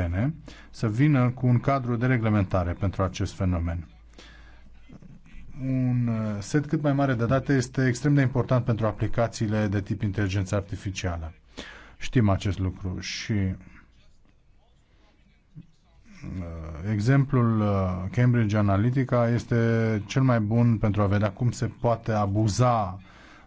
Europene să vină cu un cadru de reglementare pentru acest fenomen. Un uh, set cât mai mare de date este extrem de important pentru aplicațiile de tip inteligență artificială. Știm acest lucru și uh, exemplul uh, Cambridge Analytica este cel mai bun pentru a vedea cum se poate abuza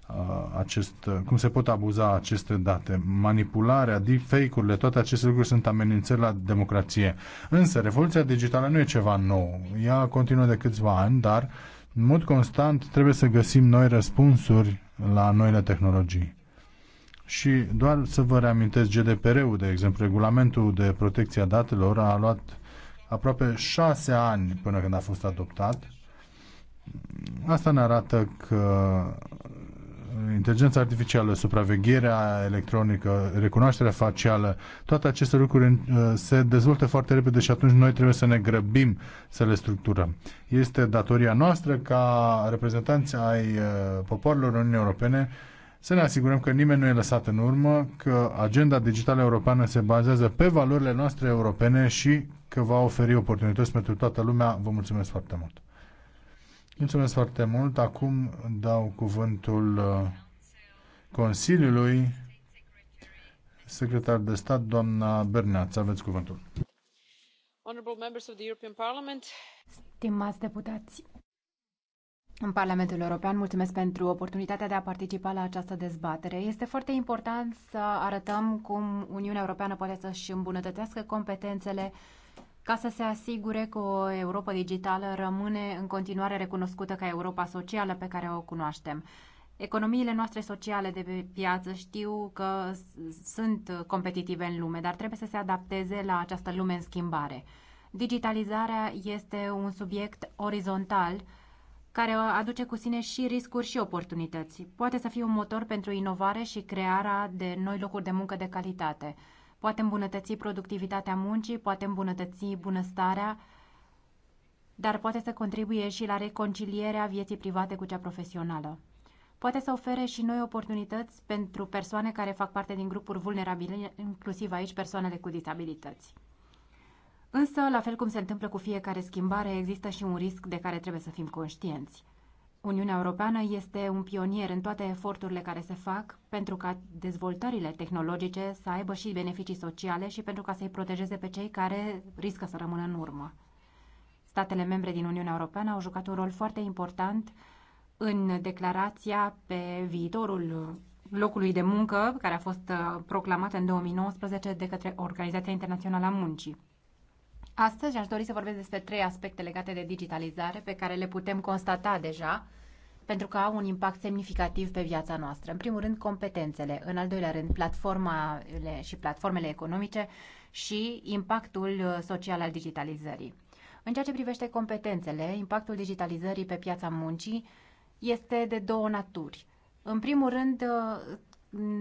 Uh, acest, uh, cum se pot abuza aceste date. Manipularea, deepfake-urile, toate aceste lucruri sunt amenințări la democrație. Însă, revoluția digitală nu e ceva nou. Ea continuă de câțiva ani, dar în mod constant trebuie să găsim noi răspunsuri la noile tehnologii. Și doar să vă reamintesc GDPR-ul, de exemplu, regulamentul de protecție a datelor a luat aproape șase ani până când a fost adoptat. Asta ne arată că inteligența artificială, supravegherea electronică, recunoașterea facială, toate aceste lucruri uh, se dezvoltă foarte repede și atunci noi trebuie să ne grăbim să le structurăm. Este datoria noastră ca reprezentanți ai uh, popoarelor Uniunii Europene să ne asigurăm că nimeni nu e lăsat în urmă, că agenda digitală europeană se bazează pe valorile noastre europene și că va oferi oportunități pentru toată lumea. Vă mulțumesc foarte mult! Mulțumesc foarte mult. Acum dau cuvântul uh, Consiliului, secretar de stat, doamna Berneaț. Aveți cuvântul. Stimați deputați, în Parlamentul European, mulțumesc pentru oportunitatea de a participa la această dezbatere. Este foarte important să arătăm cum Uniunea Europeană poate să-și îmbunătățească competențele ca să se asigure că o Europa digitală rămâne în continuare recunoscută ca Europa socială pe care o cunoaștem. Economiile noastre sociale de pe piață știu că sunt competitive în lume, dar trebuie să se adapteze la această lume în schimbare. Digitalizarea este un subiect orizontal care aduce cu sine și riscuri și oportunități. Poate să fie un motor pentru inovare și crearea de noi locuri de muncă de calitate poate îmbunătăți productivitatea muncii, poate îmbunătăți bunăstarea, dar poate să contribuie și la reconcilierea vieții private cu cea profesională. Poate să ofere și noi oportunități pentru persoane care fac parte din grupuri vulnerabile, inclusiv aici persoanele cu disabilități. Însă, la fel cum se întâmplă cu fiecare schimbare, există și un risc de care trebuie să fim conștienți. Uniunea Europeană este un pionier în toate eforturile care se fac pentru ca dezvoltările tehnologice să aibă și beneficii sociale și pentru ca să-i protejeze pe cei care riscă să rămână în urmă. Statele membre din Uniunea Europeană au jucat un rol foarte important în declarația pe viitorul locului de muncă, care a fost uh, proclamată în 2019 de către Organizația Internațională a Muncii. Astăzi aș dori să vorbesc despre trei aspecte legate de digitalizare pe care le putem constata deja pentru că au un impact semnificativ pe viața noastră. În primul rând, competențele, în al doilea rând, platformele și platformele economice și impactul uh, social al digitalizării. În ceea ce privește competențele, impactul digitalizării pe piața muncii este de două naturi. În primul rând, uh,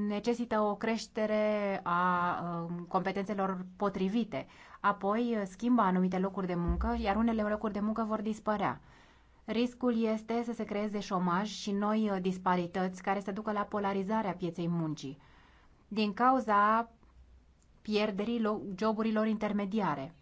necesită o creștere a um, competențelor potrivite, apoi uh, schimbă anumite locuri de muncă, iar unele locuri de muncă vor dispărea. Riscul este să se creeze șomaj și noi uh, disparități care să ducă la polarizarea pieței muncii din cauza pierderii joburilor intermediare.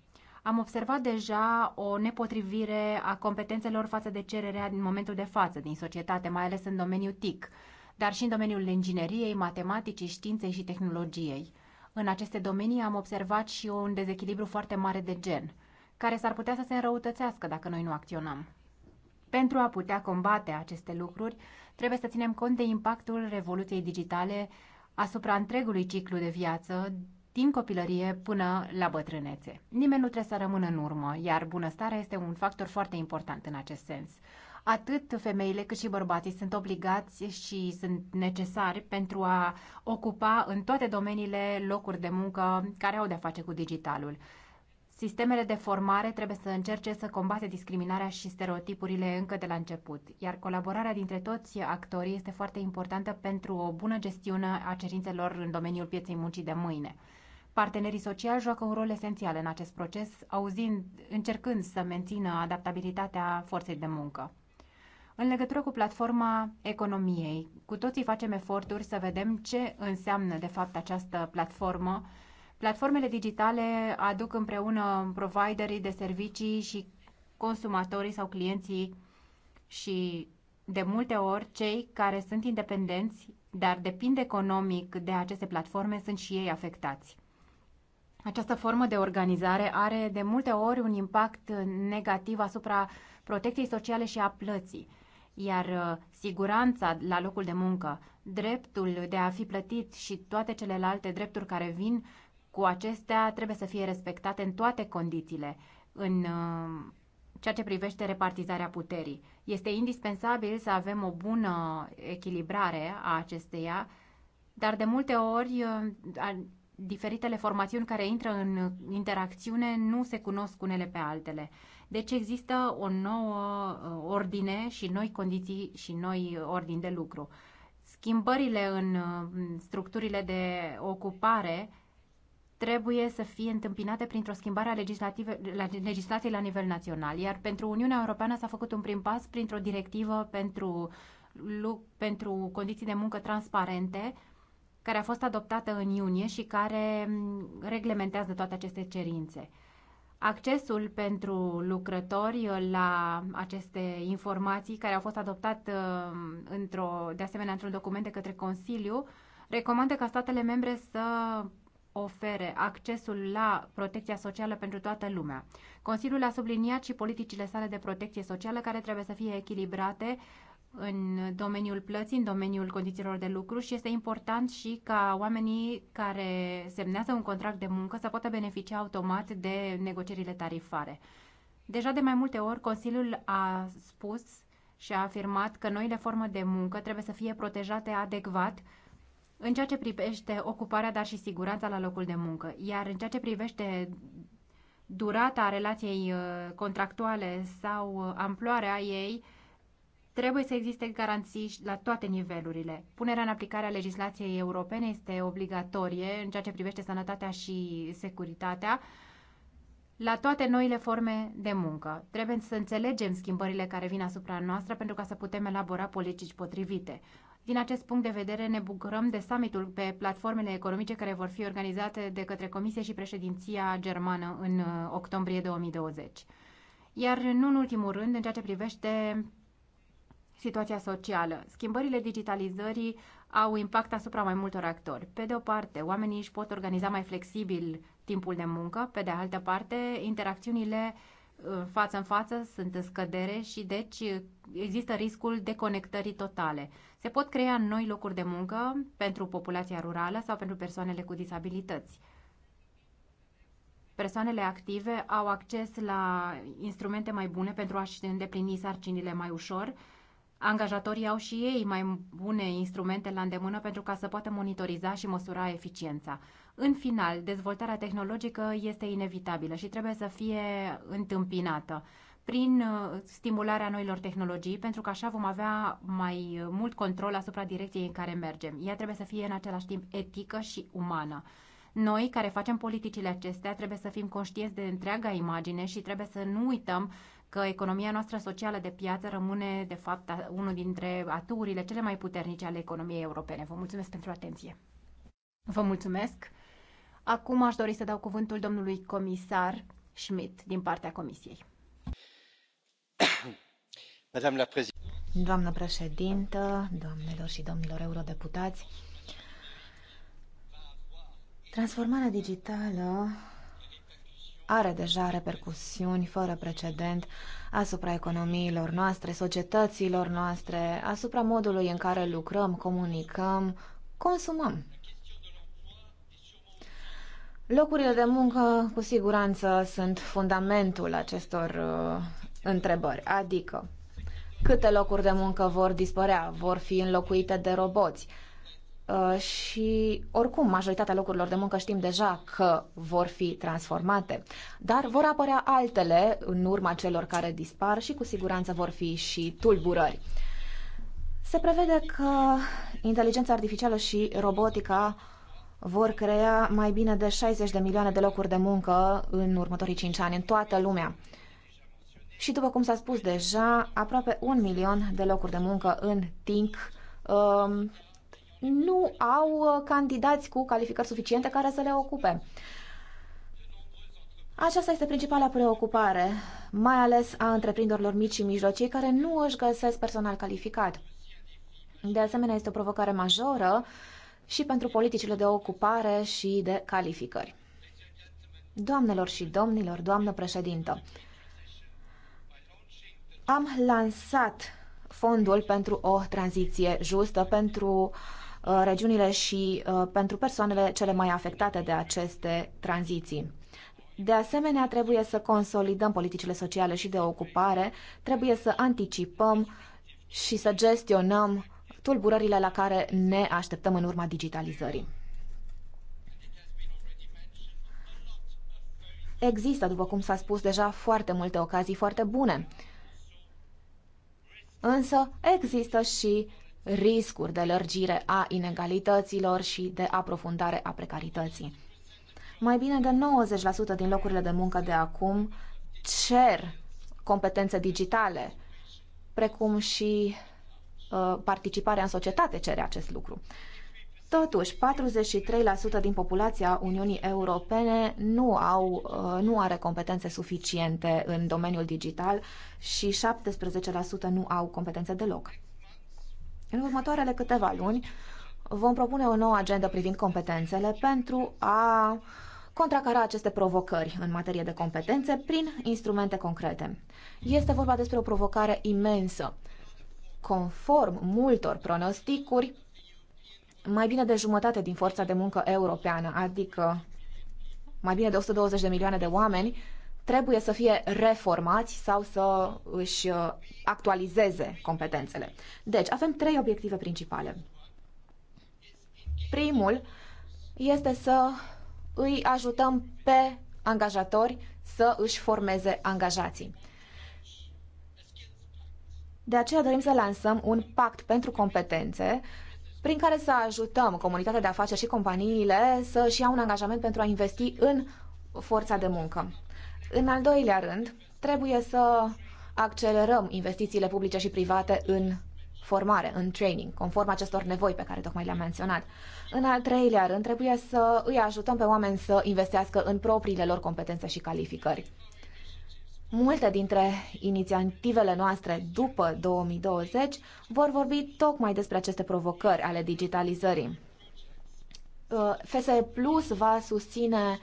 Am observat deja o nepotrivire a competențelor față de cererea din momentul de față din societate, mai ales în domeniul TIC, dar și în domeniul ingineriei, matematicii, științei și tehnologiei. În aceste domenii am observat și un dezechilibru foarte mare de gen, care s-ar putea să se înrăutățească dacă noi nu acționăm. Pentru a putea combate aceste lucruri, trebuie să ținem cont de impactul revoluției digitale asupra întregului ciclu de viață, din copilărie până la bătrânețe. Nimeni nu trebuie să rămână în urmă, iar bunăstarea este un factor foarte important în acest sens. Atât femeile cât și bărbații sunt obligați și sunt necesari pentru a ocupa în toate domeniile locuri de muncă care au de-a face cu digitalul. Sistemele de formare trebuie să încerce să combate discriminarea și stereotipurile încă de la început, iar colaborarea dintre toți actorii este foarte importantă pentru o bună gestiune a cerințelor în domeniul pieței muncii de mâine. Partenerii sociali joacă un rol esențial în acest proces, auzind, încercând să mențină adaptabilitatea forței de muncă. În legătură cu platforma economiei, cu toții facem eforturi să vedem ce înseamnă de fapt această platformă Platformele digitale aduc împreună providerii de servicii și consumatorii sau clienții și de multe ori cei care sunt independenți, dar depind economic de aceste platforme, sunt și ei afectați. Această formă de organizare are de multe ori un impact negativ asupra protecției sociale și a plății, iar uh, siguranța la locul de muncă, dreptul de a fi plătit și toate celelalte drepturi care vin cu acestea trebuie să fie respectate în toate condițiile în uh, ceea ce privește repartizarea puterii. Este indispensabil să avem o bună echilibrare a acesteia, dar de multe ori uh, diferitele formațiuni care intră în interacțiune nu se cunosc unele pe altele. Deci există o nouă uh, ordine și noi condiții și noi ordini de lucru. Schimbările în structurile de ocupare trebuie să fie întâmpinate printr-o schimbare a legislației la nivel național, iar pentru Uniunea Europeană s-a făcut un prim pas printr-o directivă pentru, pentru condiții de muncă transparente, care a fost adoptată în iunie și care mm, reglementează toate aceste cerințe. Accesul pentru lucrători la aceste informații care au fost adoptat mm, într-o, de asemenea într-un document de către Consiliu recomandă ca statele membre să ofere accesul la protecția socială pentru toată lumea. Consiliul a subliniat și politicile sale de protecție socială care trebuie să fie echilibrate în domeniul plății, în domeniul condițiilor de lucru și este important și ca oamenii care semnează un contract de muncă să poată beneficia automat de negocierile tarifare. Deja de mai multe ori Consiliul a spus și a afirmat că noile forme de muncă trebuie să fie protejate adecvat în ceea ce privește ocuparea, dar și siguranța la locul de muncă. Iar în ceea ce privește durata relației uh, contractuale sau uh, amploarea ei, trebuie să existe garanții la toate nivelurile. Punerea în aplicare a legislației europene este obligatorie în ceea ce privește sănătatea și securitatea la toate noile forme de muncă. Trebuie să înțelegem schimbările care vin asupra noastră pentru ca să putem elabora politici potrivite. Din acest punct de vedere, ne bucurăm de summitul pe platformele economice care vor fi organizate de către Comisie și președinția germană în uh, octombrie 2020. Iar nu în ultimul rând, în ceea ce privește situația socială. Schimbările digitalizării au impact asupra mai multor actori. Pe de o parte, oamenii își pot organiza mai flexibil timpul de muncă, pe de altă parte, interacțiunile uh, Uh, față în față sunt în scădere și deci uh, există riscul deconectării totale. Se pot crea noi locuri de muncă pentru populația rurală sau pentru persoanele cu disabilități. Persoanele active au acces la instrumente mai bune pentru a-și îndeplini sarcinile mai ușor angajatorii au și ei mai bune instrumente la îndemână pentru ca să poată monitoriza și măsura eficiența. În final, dezvoltarea tehnologică este inevitabilă și trebuie să fie întâmpinată prin uh, stimularea noilor tehnologii, pentru că așa vom avea mai uh, mult control asupra direcției în care mergem. Ea trebuie să fie în același timp etică și umană. Noi, care facem politicile acestea, trebuie să fim conștienți de întreaga imagine și trebuie să nu uităm că economia noastră socială de piață rămâne, de fapt, unul dintre aturile cele mai puternice ale economiei europene. Vă mulțumesc pentru atenție. Vă mulțumesc. Acum aș dori să dau cuvântul domnului comisar Schmidt din partea Comisiei. Doamnă președintă, doamnelor și domnilor eurodeputați, transformarea digitală are deja repercusiuni fără precedent asupra economiilor noastre, societăților noastre, asupra modului în care lucrăm, comunicăm, consumăm. Locurile de muncă, cu siguranță, sunt fundamentul acestor uh, întrebări, adică câte locuri de muncă vor dispărea, vor fi înlocuite de roboți, uh, Uh, și oricum majoritatea locurilor de muncă știm deja că vor fi transformate, dar vor apărea altele în urma celor care dispar și cu siguranță vor fi și tulburări. Se prevede că inteligența artificială și robotica vor crea mai bine de 60 de milioane de locuri de muncă în următorii 5 ani în toată lumea. Și după cum s-a spus deja, aproape un milion de locuri de muncă în TINC um, nu au uh, candidați cu calificări suficiente care să le ocupe. Aceasta este principala preocupare, mai ales a întreprinderilor mici și mijlocii care nu își găsesc personal calificat. De asemenea, este o provocare majoră și pentru politicile de ocupare și de calificări. Doamnelor și domnilor, doamnă președintă, am lansat fondul pentru o tranziție justă, pentru uh, Uh, regiunile și uh, pentru persoanele cele mai afectate de aceste tranziții. De asemenea, trebuie să consolidăm politicile sociale și de ocupare, trebuie să anticipăm și să gestionăm tulburările la care ne așteptăm în urma digitalizării. Există, după cum s-a spus deja, foarte multe ocazii foarte bune. Însă există și riscuri de lărgire a inegalităților și de aprofundare a precarității. Mai bine de 90% din locurile de muncă de acum cer competențe digitale, precum și uh, participarea în societate cere acest lucru. Totuși, 43% din populația Uniunii Europene nu, au, uh, nu are competențe suficiente în domeniul digital și 17% nu au competențe deloc. În următoarele câteva luni vom propune o nouă agendă privind competențele pentru a contracara aceste provocări în materie de competențe prin instrumente concrete. Este vorba despre o provocare imensă. Conform multor pronosticuri, mai bine de jumătate din forța de muncă europeană, adică mai bine de 120 de milioane de oameni, trebuie să fie reformați sau să își uh, actualizeze competențele. Deci, avem trei obiective principale. Primul este să îi ajutăm pe angajatori să își formeze angajații. De aceea dorim să lansăm un pact pentru competențe prin care să ajutăm comunitatea de afaceri și companiile să-și iau un angajament pentru a investi în forța de muncă. În al doilea rând, trebuie să accelerăm investițiile publice și private în formare, în training, conform acestor nevoi pe care tocmai le-am menționat. În al treilea rând, trebuie să îi ajutăm pe oameni să investească în propriile lor competențe și calificări. Multe dintre inițiativele noastre după 2020 vor vorbi tocmai despre aceste provocări ale digitalizării. Uh, FSE Plus va susține uh,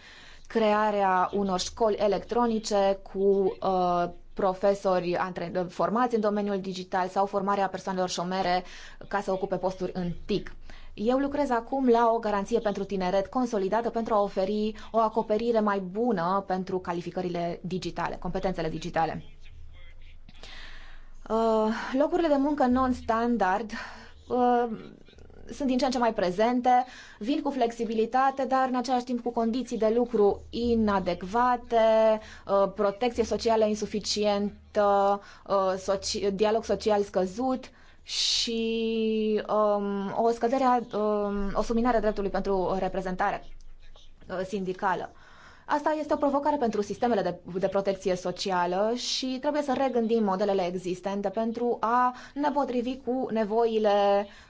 crearea unor școli electronice cu uh, profesori uh, formați în domeniul digital sau formarea persoanelor șomere ca să ocupe posturi în TIC. Eu lucrez acum la o garanție pentru tineret consolidată pentru a oferi o acoperire mai bună pentru calificările digitale, competențele digitale. Uh, locurile de muncă non-standard uh, sunt din ce în ce mai prezente, vin cu flexibilitate, dar în același timp cu condiții de lucru inadecvate, uh, protecție socială insuficientă, uh, dialog social scăzut și um, o scădere, um, o subminare dreptului pentru reprezentare uh, sindicală. Asta este o provocare pentru sistemele de, de protecție socială și trebuie să regândim modelele existente pentru a ne potrivi cu nevoile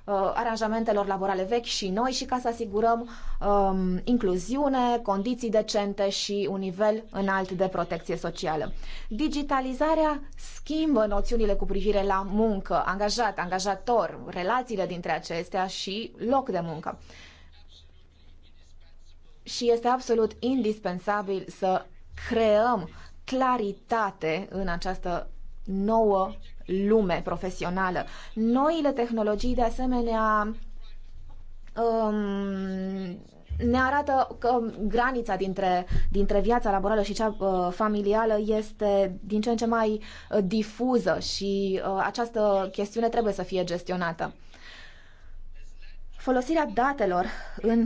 uh, aranjamentelor laborale vechi și noi și ca să asigurăm um, incluziune, condiții decente și un nivel înalt de protecție socială. Digitalizarea schimbă noțiunile cu privire la muncă, angajat, angajator, relațiile dintre acestea și loc de muncă și este absolut indispensabil să creăm claritate în această nouă lume profesională. Noile tehnologii, de asemenea, um, ne arată că granița dintre, dintre viața laborală și cea uh, familială este din ce în ce mai uh, difuză și uh, această chestiune trebuie să fie gestionată. Folosirea datelor în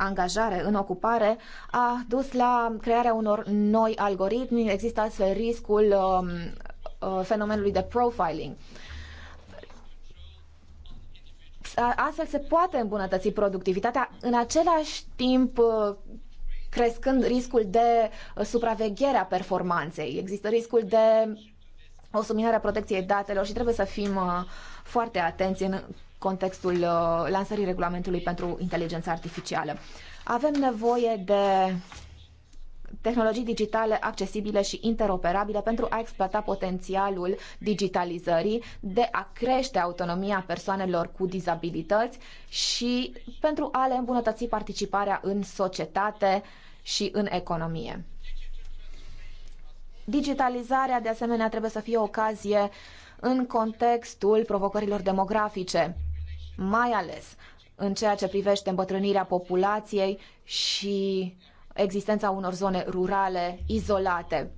angajare în ocupare a dus la crearea unor noi algoritmi. Există astfel riscul um, uh, fenomenului de profiling. Astfel se poate îmbunătăți productivitatea, în același timp uh, crescând riscul de uh, supraveghere a performanței. Există riscul de o suminare a protecției datelor și trebuie să fim foarte atenți în contextul uh, lansării regulamentului pentru inteligența artificială. Avem nevoie de tehnologii digitale accesibile și interoperabile pentru a exploata potențialul digitalizării, de a crește autonomia persoanelor cu dizabilități și pentru a le îmbunătăți participarea în societate și în economie. Digitalizarea, de asemenea, trebuie să fie o ocazie în contextul provocărilor demografice mai ales în ceea ce privește îmbătrânirea populației și existența unor zone rurale izolate.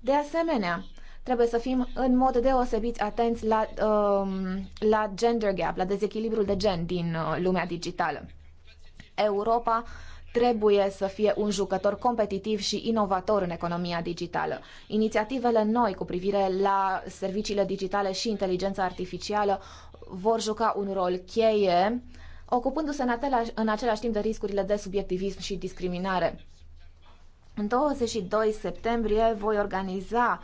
De asemenea, trebuie să fim în mod deosebit atenți la, um, la gender gap, la dezechilibrul de gen din uh, lumea digitală. Europa trebuie să fie un jucător competitiv și inovator în economia digitală. Inițiativele noi cu privire la serviciile digitale și inteligența artificială vor juca un rol cheie, ocupându-se în, în același timp de riscurile de subiectivism și discriminare. În 22 septembrie voi organiza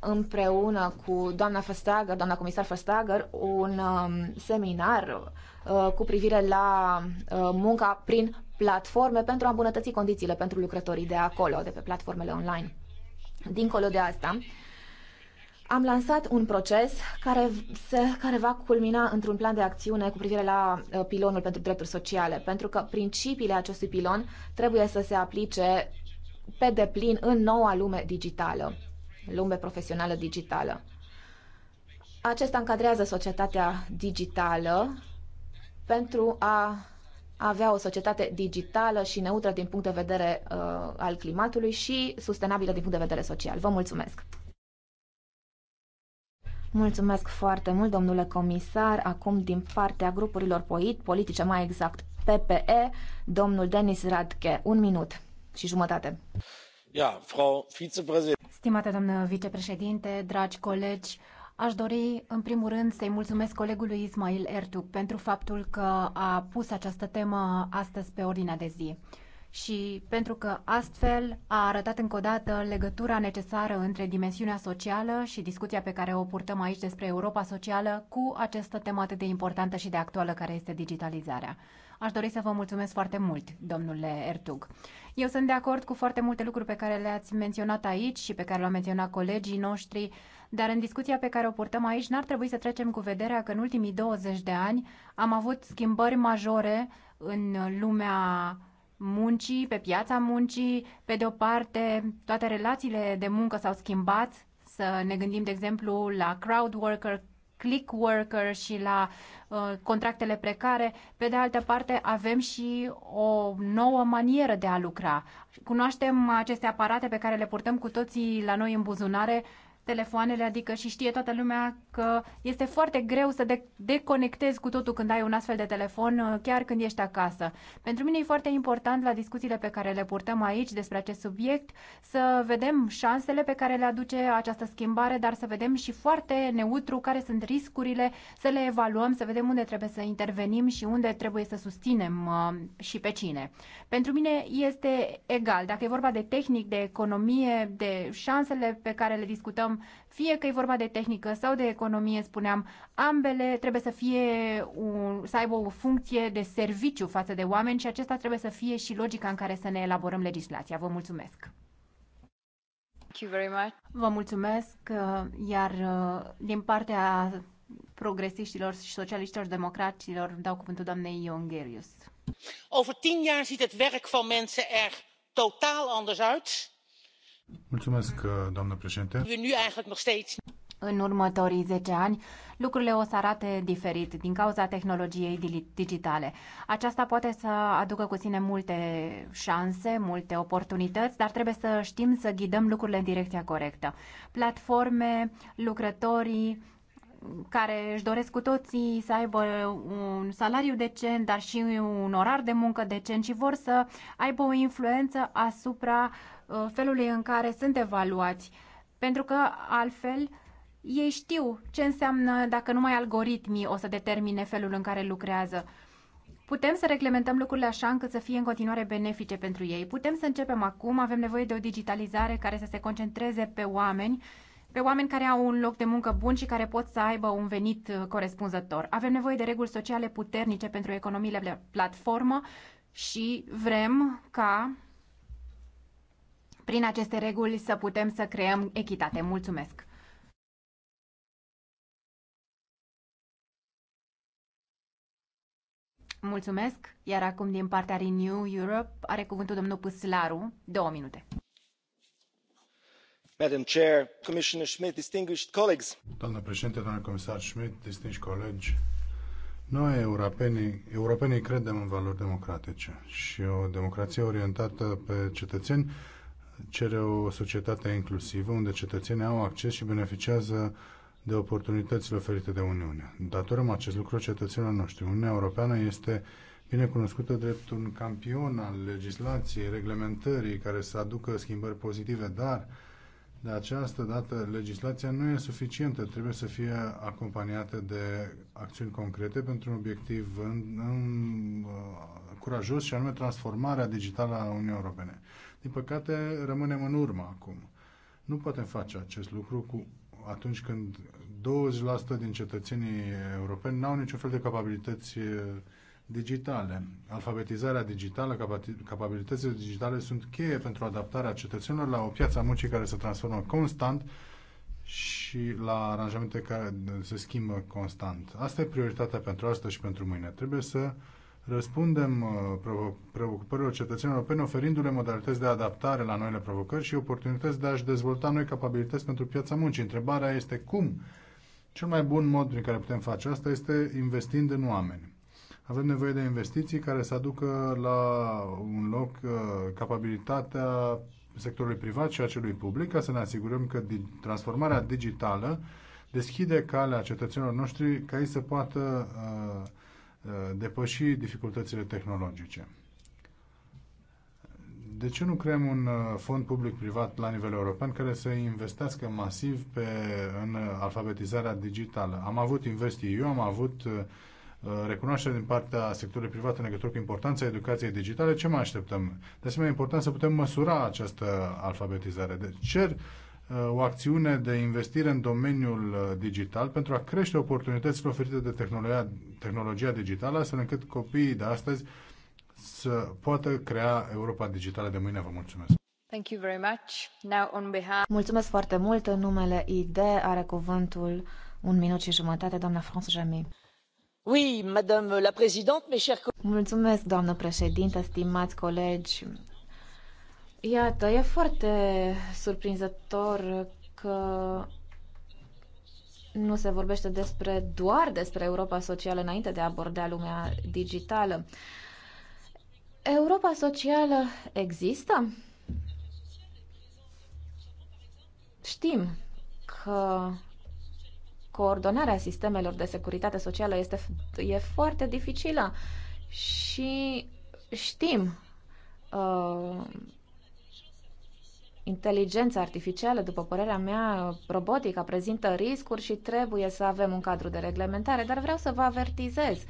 împreună cu doamna Festager, doamna comisar Festager, un um, seminar uh, cu privire la uh, munca prin platforme pentru a îmbunătăți condițiile pentru lucrătorii de acolo, de pe platformele online. Dincolo de asta, uh, am lansat un proces care, se, care va culmina într-un plan de acțiune cu privire la uh, pilonul pentru drepturi sociale, pentru că principiile acestui pilon trebuie să se aplice pe deplin în noua lume digitală, lume profesională digitală. Acesta încadrează societatea digitală pentru a avea o societate digitală și neutră din punct de vedere uh, al climatului și sustenabilă din punct de vedere social. Vă mulțumesc! Mulțumesc foarte mult, domnule comisar. Acum, din partea grupurilor politice, mai exact PPE, domnul Denis Radke. Un minut și jumătate. Ja, Frau Stimată doamnă vicepreședinte, dragi colegi, Aș dori, în primul rând, să-i mulțumesc colegului Ismail Ertug pentru faptul că a pus această temă astăzi pe ordinea de zi și pentru că astfel a arătat încă o dată legătura necesară între dimensiunea socială și discuția pe care o purtăm aici despre Europa socială cu această temă atât de importantă și de actuală care este digitalizarea. Aș dori să vă mulțumesc foarte mult, domnule Ertug. Eu sunt de acord cu foarte multe lucruri pe care le-ați menționat aici și pe care le-au menționat colegii noștri, dar în discuția pe care o purtăm aici n-ar trebui să trecem cu vederea că în ultimii 20 de ani am avut schimbări majore în lumea muncii, pe piața muncii. Pe de o parte, toate relațiile de muncă s-au schimbat. Să ne gândim, de exemplu, la crowd worker, click worker și la uh, contractele precare. Pe de altă parte, avem și o nouă manieră de a lucra. Cunoaștem aceste aparate pe care le purtăm cu toții la noi în buzunare, telefoanele, adică și știe toată lumea că este foarte greu să de- deconectezi cu totul când ai un astfel de telefon, uh, chiar când ești acasă. Pentru mine e foarte important la discuțiile pe care le purtăm aici despre acest subiect să vedem șansele pe care le aduce această schimbare, dar să vedem și foarte neutru care sunt riscurile, să le evaluăm, să vedem unde trebuie să intervenim și unde trebuie să susținem uh, și pe cine. Pentru mine este egal, dacă e vorba de tehnic, de economie, de șansele pe care le discutăm discutăm, fie că e vorba de tehnică sau de economie, spuneam, ambele trebuie să fie un, să aibă o funcție de serviciu față de oameni și acesta trebuie să fie și logica în care să ne elaborăm legislația. Vă mulțumesc! Vă mulțumesc, uh, iar uh, din partea progresiștilor și socialiștilor democraților dau cuvântul doamnei Iongerius. Over tien jaar ziet het werk van mensen er totaal anders uit Mulțumesc, uh, doamnă președinte. În următorii 10 ani, lucrurile o să arate diferit din cauza tehnologiei digitale. Aceasta poate să aducă cu sine multe șanse, multe oportunități, dar trebuie să știm să ghidăm lucrurile în direcția corectă. Platforme, lucrătorii, care își doresc cu toții să aibă un salariu decent, dar și un orar de muncă decent și vor să aibă o influență asupra Uh, felului în care sunt evaluați, pentru că altfel ei știu ce înseamnă dacă numai algoritmii o să determine felul în care lucrează. Putem să reglementăm lucrurile așa încât să fie în continuare benefice pentru ei. Putem să începem acum, avem nevoie de o digitalizare care să se concentreze pe oameni, pe oameni care au un loc de muncă bun și care pot să aibă un venit uh, corespunzător. Avem nevoie de reguli sociale puternice pentru economiile platformă și vrem ca prin aceste reguli să putem să creăm echitate. Mulțumesc! Mulțumesc. Iar acum din partea Renew Europe are cuvântul domnul Păslaru. Două minute. Madam Chair, Commissioner Schmidt, distinguished colleagues. Doamnă președinte, doamna comisar Schmidt, distinși colegi, noi, europenii, europenii, credem în valori democratice și o democrație orientată pe cetățeni cere o societate inclusivă unde cetățenii au acces și beneficiază de oportunitățile oferite de Uniune. Datorăm acest lucru cetățenilor noștri. Uniunea Europeană este bine cunoscută drept un campion al legislației, reglementării care să aducă schimbări pozitive, dar de această dată legislația nu e suficientă, trebuie să fie acompaniată de acțiuni concrete pentru un obiectiv în, în, uh, curajos și anume transformarea digitală a Uniunii Europene. Din păcate, rămânem în urmă acum. Nu putem face acest lucru cu atunci când 20% din cetățenii europeni n-au niciun fel de capabilități eh, digitale. Alfabetizarea digitală, capabilitățile digitale sunt cheie pentru adaptarea cetățenilor la o piață a muncii care se transformă constant și la aranjamente care se schimbă constant. Asta e prioritatea pentru asta și pentru mâine. Trebuie să uh, răspundem uh, preocupărilor cetățenilor europene oferindu-le modalități de adaptare la noile provocări și oportunități de a-și dezvolta noi capabilități pentru piața muncii. Întrebarea este cum? Cel mai bun mod prin care putem face asta este investind în oameni. Avem nevoie de investiții care să aducă la un loc uh, capabilitatea sectorului privat și a celui public ca să ne asigurăm că transformarea digitală deschide calea cetățenilor noștri ca ei să poată uh, Uh, depăși dificultățile tehnologice. De ce nu creăm un uh, fond public-privat la nivel european care să investească masiv pe, în alfabetizarea digitală? Am avut eu am avut uh, recunoaștere din partea sectorului privat în legătură cu importanța educației digitale. Ce mai așteptăm? De asemenea, e important să putem măsura această alfabetizare. Deci cer o acțiune de investire în domeniul uh, digital pentru a crește oportunitățile oferite de tehnologia, tehnologia digitală, astfel încât copiii de astăzi să poată crea Europa digitală de mâine. Vă mulțumesc! Thank you very much. Now on behalf... Mulțumesc foarte mult. În numele ID are cuvântul un minut și jumătate, doamna France Jamy. Oui, madame la présidente, mes chers Mulțumesc, doamnă președintă, stimați colegi. Iată, e foarte surprinzător că nu se vorbește despre doar despre Europa socială înainte de a aborda lumea digitală. Europa socială există? Știm că coordonarea sistemelor de securitate socială este e foarte dificilă și știm uh, Inteligența artificială, după părerea mea, robotica prezintă riscuri și trebuie să avem un cadru de reglementare, dar vreau să vă avertizez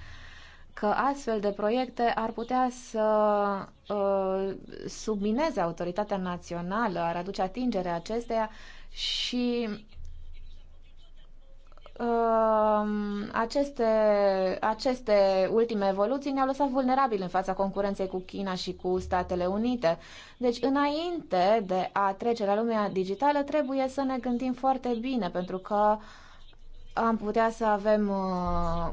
că astfel de proiecte ar putea să uh, submineze autoritatea națională, ar aduce atingere acesteia și Um, aceste, aceste ultime evoluții ne-au lăsat vulnerabili în fața concurenței cu China și cu Statele Unite. Deci, înainte de a trece la lumea digitală, trebuie să ne gândim foarte bine, pentru că uh, am putea să avem uh,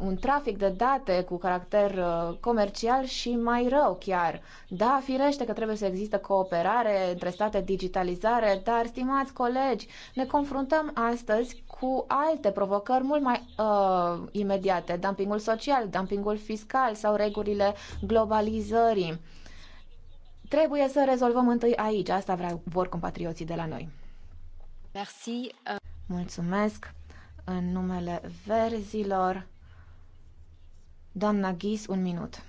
un trafic de date cu caracter uh, comercial și mai rău chiar. Da, firește că trebuie să există cooperare între state digitalizare, dar, stimați colegi, ne confruntăm astăzi cu alte provocări mult mai uh, imediate, dumpingul social, dumpingul fiscal sau regulile globalizării. Trebuie să rezolvăm întâi aici, asta vreau, vor compatrioții de la noi. Merci. Uh. Mulțumesc în numele verzilor. Doamna Ghis, un minut.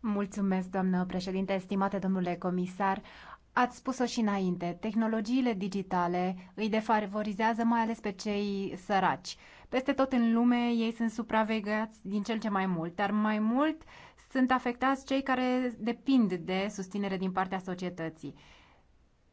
Mulțumesc, doamnă președinte, estimate domnule comisar. Ați spus-o și înainte, tehnologiile digitale îi defavorizează mai ales pe cei săraci. Peste tot în lume ei sunt supravegheați din cel ce mai mult, dar mai mult sunt afectați cei care depind de susținere din partea societății.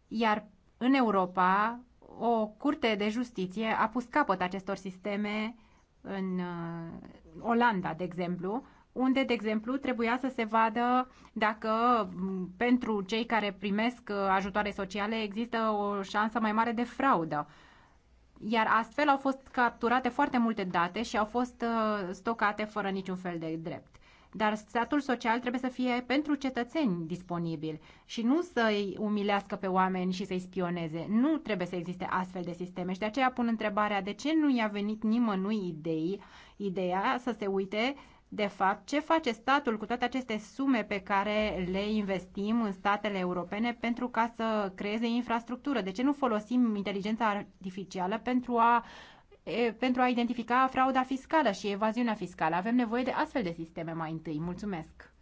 Iar în Europa, o curte de justiție a pus capăt acestor sisteme în uh, Olanda, de exemplu, unde, de exemplu, trebuia să se vadă dacă mm, pentru cei care primesc uh, ajutoare sociale există o șansă mai mare de fraudă. Iar astfel au fost capturate foarte multe date și au fost uh, stocate fără niciun fel de drept. Dar statul social trebuie să fie pentru cetățeni disponibil și nu să-i umilească pe oameni și să-i spioneze. Nu trebuie să existe astfel de sisteme și de aceea pun întrebarea de ce nu i-a venit nimănui idei, ideea să se uite de fapt, ce face statul cu toate aceste sume pe care le investim în statele europene pentru ca să creeze infrastructură? De ce nu folosim inteligența artificială pentru a pentru a identifica frauda fiscală și evaziunea fiscală. Avem nevoie de astfel de sisteme mai întâi. Mulțumesc!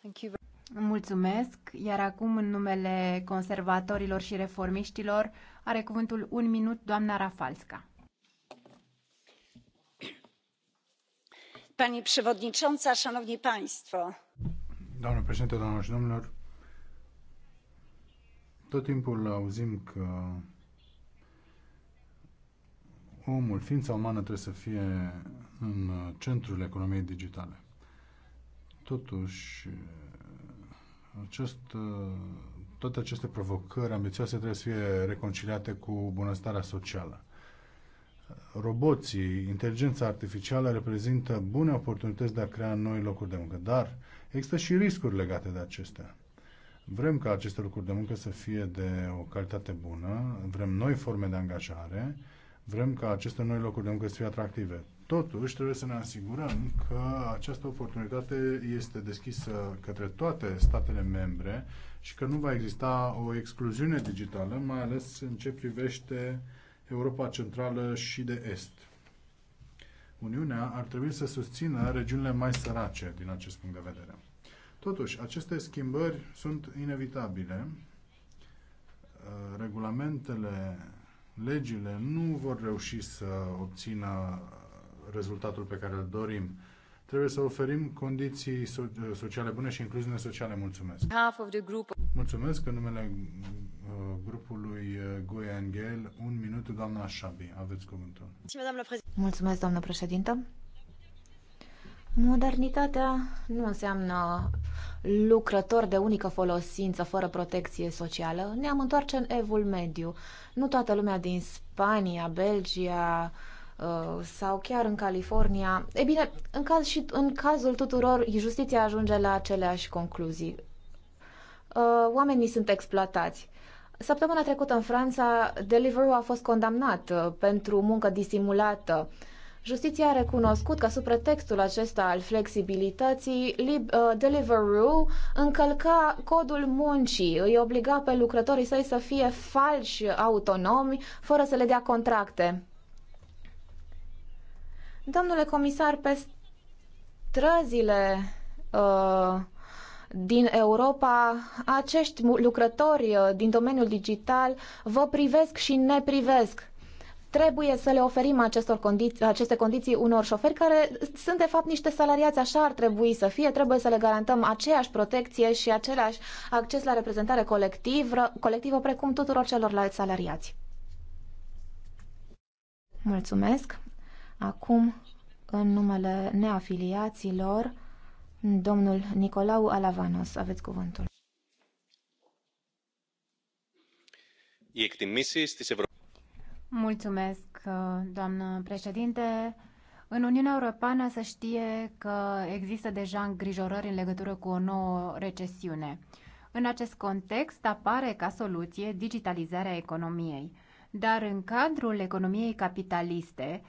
Thank you. Mulțumesc, iar acum în numele conservatorilor și reformiștilor are cuvântul un minut doamna Rafalska. Pani przewodnicząca, szanowni państwo. Doamnă președinte, doamnelor și domnilor, tot timpul auzim că omul, ființa umană trebuie să fie în centrul economiei digitale. Totuși, acest, toate aceste provocări ambițioase trebuie să fie reconciliate cu bunăstarea socială. Roboții, inteligența artificială reprezintă bune oportunități de a crea noi locuri de muncă, dar există și riscuri legate de acestea. Vrem ca aceste lucruri de muncă să fie de o calitate bună, vrem noi forme de angajare, Vrem ca aceste noi locuri de muncă să fie atractive. Totuși, trebuie să ne asigurăm că această oportunitate este deschisă către toate statele membre și că nu va exista o excluziune digitală, mai ales în ce privește Europa Centrală și de Est. Uniunea ar trebui să susțină regiunile mai sărace din acest punct de vedere. Totuși, aceste schimbări sunt inevitabile. Regulamentele legile nu vor reuși să obțină rezultatul pe care îl dorim. Trebuie să oferim condiții sociale bune și incluziune sociale. Mulțumesc! Mulțumesc în numele uh, grupului uh, Goi Angel. Un minut, doamna Șabi. Aveți cuvântul. Mulțumesc, doamnă președintă. Modernitatea nu înseamnă lucrător de unică folosință, fără protecție socială. Ne-am întoarce în evul mediu. Nu toată lumea din Spania, Belgia uh, sau chiar în California. E bine, în, caz și, în cazul tuturor, justiția ajunge la aceleași concluzii. Uh, oamenii sunt exploatați. Săptămâna trecută în Franța, Deliveroo a fost condamnat uh, pentru muncă disimulată Justiția a recunoscut că sub pretextul acesta al flexibilității, uh, Deliveroo încălca codul muncii, îi obliga pe lucrătorii săi să fie falși autonomi, fără să le dea contracte. Domnule comisar, pe străzile uh, din Europa, acești lucrători uh, din domeniul digital vă privesc și ne privesc Trebuie să le oferim acestor condiții, aceste condiții unor șoferi care sunt de fapt niște salariați, așa ar trebui să fie, trebuie să le garantăm aceeași protecție și același acces la reprezentare colectivă, colectivă precum tuturor celorlalți salariați. Mulțumesc. Acum, în numele neafiliaților, domnul Nicolau Alavanos, aveți cuvântul. Οι Mulțumesc, uh, doamnă președinte. În Uniunea Europeană să știe că există deja îngrijorări în legătură cu o nouă recesiune. În acest context apare ca soluție digitalizarea economiei. Dar în cadrul economiei capitaliste,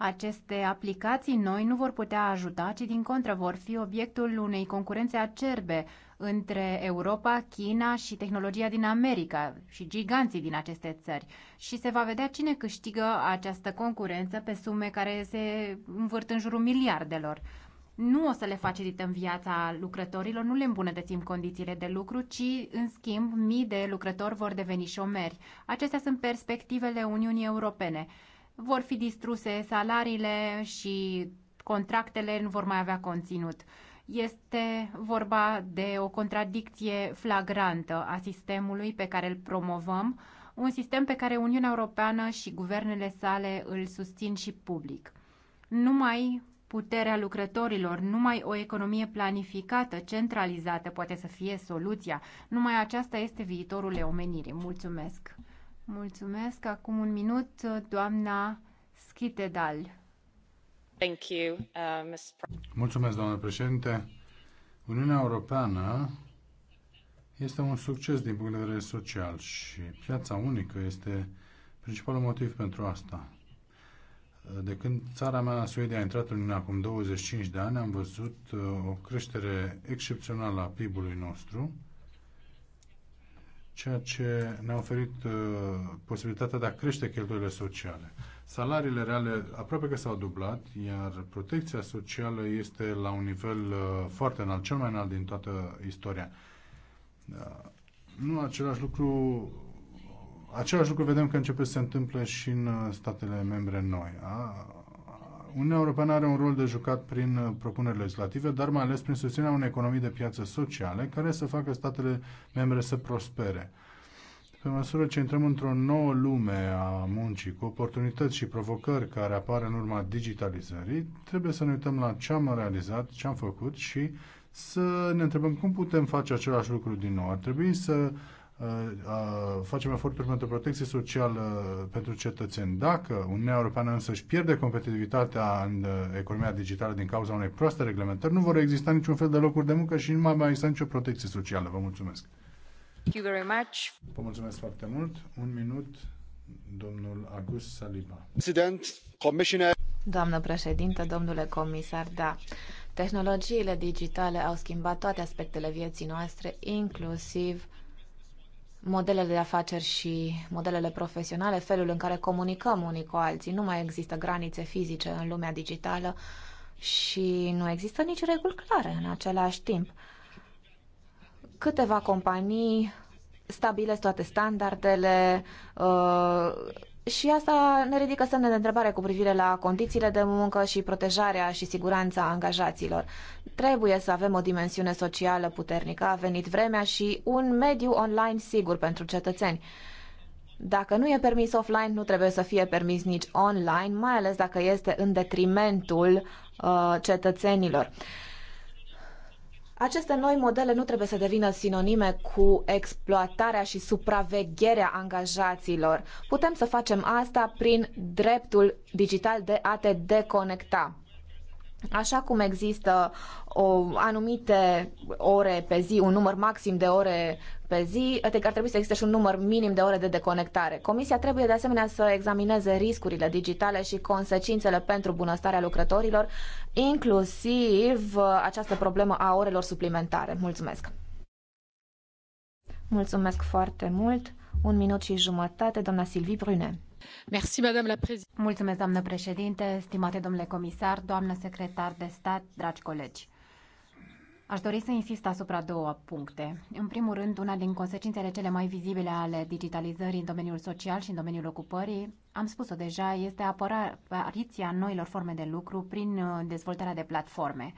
aceste aplicații noi nu vor putea ajuta, ci din contră vor fi obiectul unei concurențe acerbe între Europa, China și tehnologia din America și giganții din aceste țări. Și se va vedea cine câștigă această concurență pe sume care se învârt în jurul miliardelor. Nu o să le facilităm viața lucrătorilor, nu le îmbunătățim condițiile de lucru, ci, în schimb, mii de lucrători vor deveni șomeri. Acestea sunt perspectivele Uniunii Europene vor fi distruse salariile și contractele nu vor mai avea conținut. Este vorba de o contradicție flagrantă a sistemului pe care îl promovăm, un sistem pe care Uniunea Europeană și guvernele sale îl susțin și public. Numai puterea lucrătorilor, numai o economie planificată, centralizată poate să fie soluția. Numai aceasta este viitorul omenirii. Mulțumesc! Mulțumesc. Acum un minut, doamna Schitedal. Thank you, uh, Ms. Mulțumesc, doamna președinte. Uniunea Europeană este un succes din punct de vedere social și piața unică este principalul motiv pentru asta. De când țara mea, Suedia, a intrat în Uniune acum 25 de ani, am văzut uh, o creștere excepțională a PIB-ului nostru, ceea ce ne-a oferit uh, posibilitatea de a crește cheltuielile sociale. Salariile reale aproape că s-au dublat, iar protecția socială este la un nivel uh, foarte înalt, cel mai înalt din toată istoria. Uh, nu același lucru Același lucru vedem că începe să se întâmple și în statele membre noi. A, Uniunea Europeană are un rol de jucat prin uh, propuneri legislative, dar mai ales prin susținerea unei economii de piață sociale care să facă statele membre să prospere. Pe măsură ce intrăm într-o nouă lume a muncii, cu oportunități și provocări care apar în urma digitalizării, trebuie să ne uităm la ce am realizat, ce am făcut și să ne întrebăm cum putem face același lucru din nou. Ar trebui să Uh, uh, facem eforturi pentru protecție socială pentru cetățeni. Dacă Uniunea Europeană însă își pierde competitivitatea în uh, economia digitală din cauza unei proaste reglementări, nu vor exista niciun fel de locuri de muncă și nu mai mai exista nicio protecție socială. Vă mulțumesc! Thank you very much. Vă mulțumesc foarte mult. Un minut, domnul August Saliba. President, Commissioner... Doamnă președintă, domnule comisar, da. Tehnologiile digitale au schimbat toate aspectele vieții noastre, inclusiv uh, modelele de afaceri și modelele profesionale, felul în care comunicăm unii cu alții. Nu mai există granițe fizice în lumea digitală și nu există nici reguli clare în același timp. Câteva companii stabilesc toate standardele, uh, și asta ne ridică semne de întrebare cu privire la condițiile de muncă și protejarea și siguranța angajaților. Trebuie să avem o dimensiune socială puternică, a venit vremea și un mediu online sigur pentru cetățeni. Dacă nu e permis offline, nu trebuie să fie permis nici online, mai ales dacă este în detrimentul uh, cetățenilor. Uh, aceste noi modele nu trebuie să devină sinonime cu exploatarea și supravegherea angajaților. Putem să facem asta prin dreptul digital de a te deconecta. Așa cum există o, anumite ore pe zi, un număr maxim de ore pe zi, adică ar trebui să existe și un număr minim de ore de deconectare. Comisia trebuie de asemenea să examineze riscurile digitale și consecințele pentru bunăstarea lucrătorilor, inclusiv uh, această problemă a orelor suplimentare. Mulțumesc! Mulțumesc foarte mult! Un minut și jumătate, doamna Silvie Brune. Merci, Madame la Mulțumesc, doamnă președinte, stimate domnule comisar, doamnă secretar de stat, dragi colegi. Aș dori să insist asupra două puncte. În primul rând, una din consecințele cele mai vizibile ale digitalizării în domeniul social și în domeniul ocupării, am spus-o deja, este apariția noilor forme de lucru prin uh, dezvoltarea de platforme.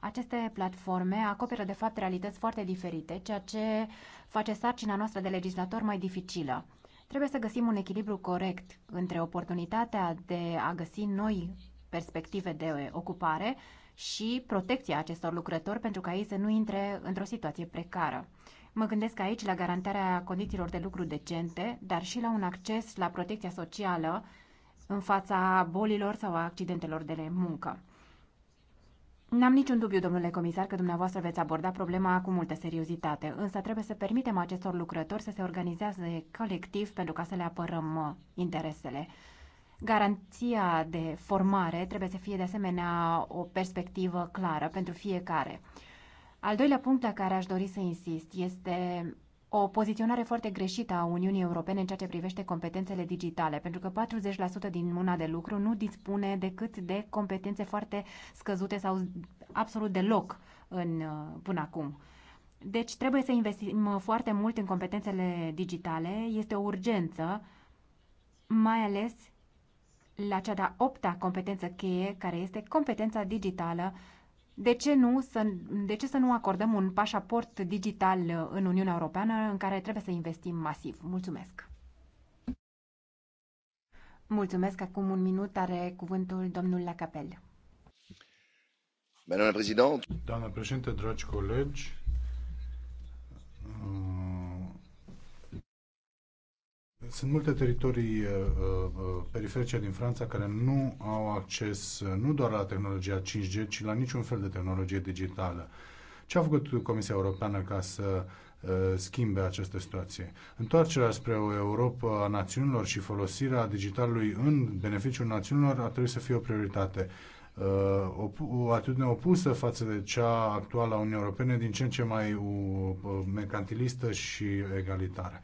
Aceste platforme acoperă, de fapt, realități foarte diferite, ceea ce face sarcina noastră de legislator mai dificilă. Trebuie să găsim un echilibru corect între oportunitatea de a găsi noi perspective de ocupare și protecția acestor lucrători pentru ca ei să nu intre într-o situație precară. Mă gândesc aici la garantarea condițiilor de lucru decente, dar și la un acces la protecția socială în fața bolilor sau a accidentelor de muncă. N-am niciun dubiu, domnule comisar, că dumneavoastră veți aborda problema cu multă seriozitate, însă trebuie să permitem acestor lucrători să se organizeze colectiv pentru ca să le apărăm uh, interesele. Garanția de formare trebuie să fie de asemenea o perspectivă clară pentru fiecare. Al doilea punct la care aș dori să insist este o poziționare foarte greșită a Uniunii Europene în ceea ce privește competențele digitale, pentru că 40% din mâna de lucru nu dispune decât de competențe foarte scăzute sau absolut deloc în, uh, până acum. Deci trebuie să investim foarte mult în competențele digitale, este o urgență, mai ales la cea de-a opta competență cheie, care este competența digitală, de ce, nu să, de ce să nu acordăm un pașaport digital uh, în Uniunea Europeană în care trebuie să investim masiv? Mulțumesc! Mulțumesc. Acum un minut are cuvântul domnul Lacapel. Doamna președinte, dragi colegi, sunt multe teritorii uh, uh, uh, periferice din Franța care nu au acces uh, nu doar la tehnologia 5G, ci la niciun fel de tehnologie digitală. Ce a făcut Comisia Europeană ca să uh, schimbe această situație? Întoarcerea spre o Europa a națiunilor și folosirea digitalului în beneficiul națiunilor ar trebui să fie o prioritate. Uh, o, o atitudine opusă față de cea actuală a Uniunii Europene, din ce în ce mai uh, mercantilistă și egalitară.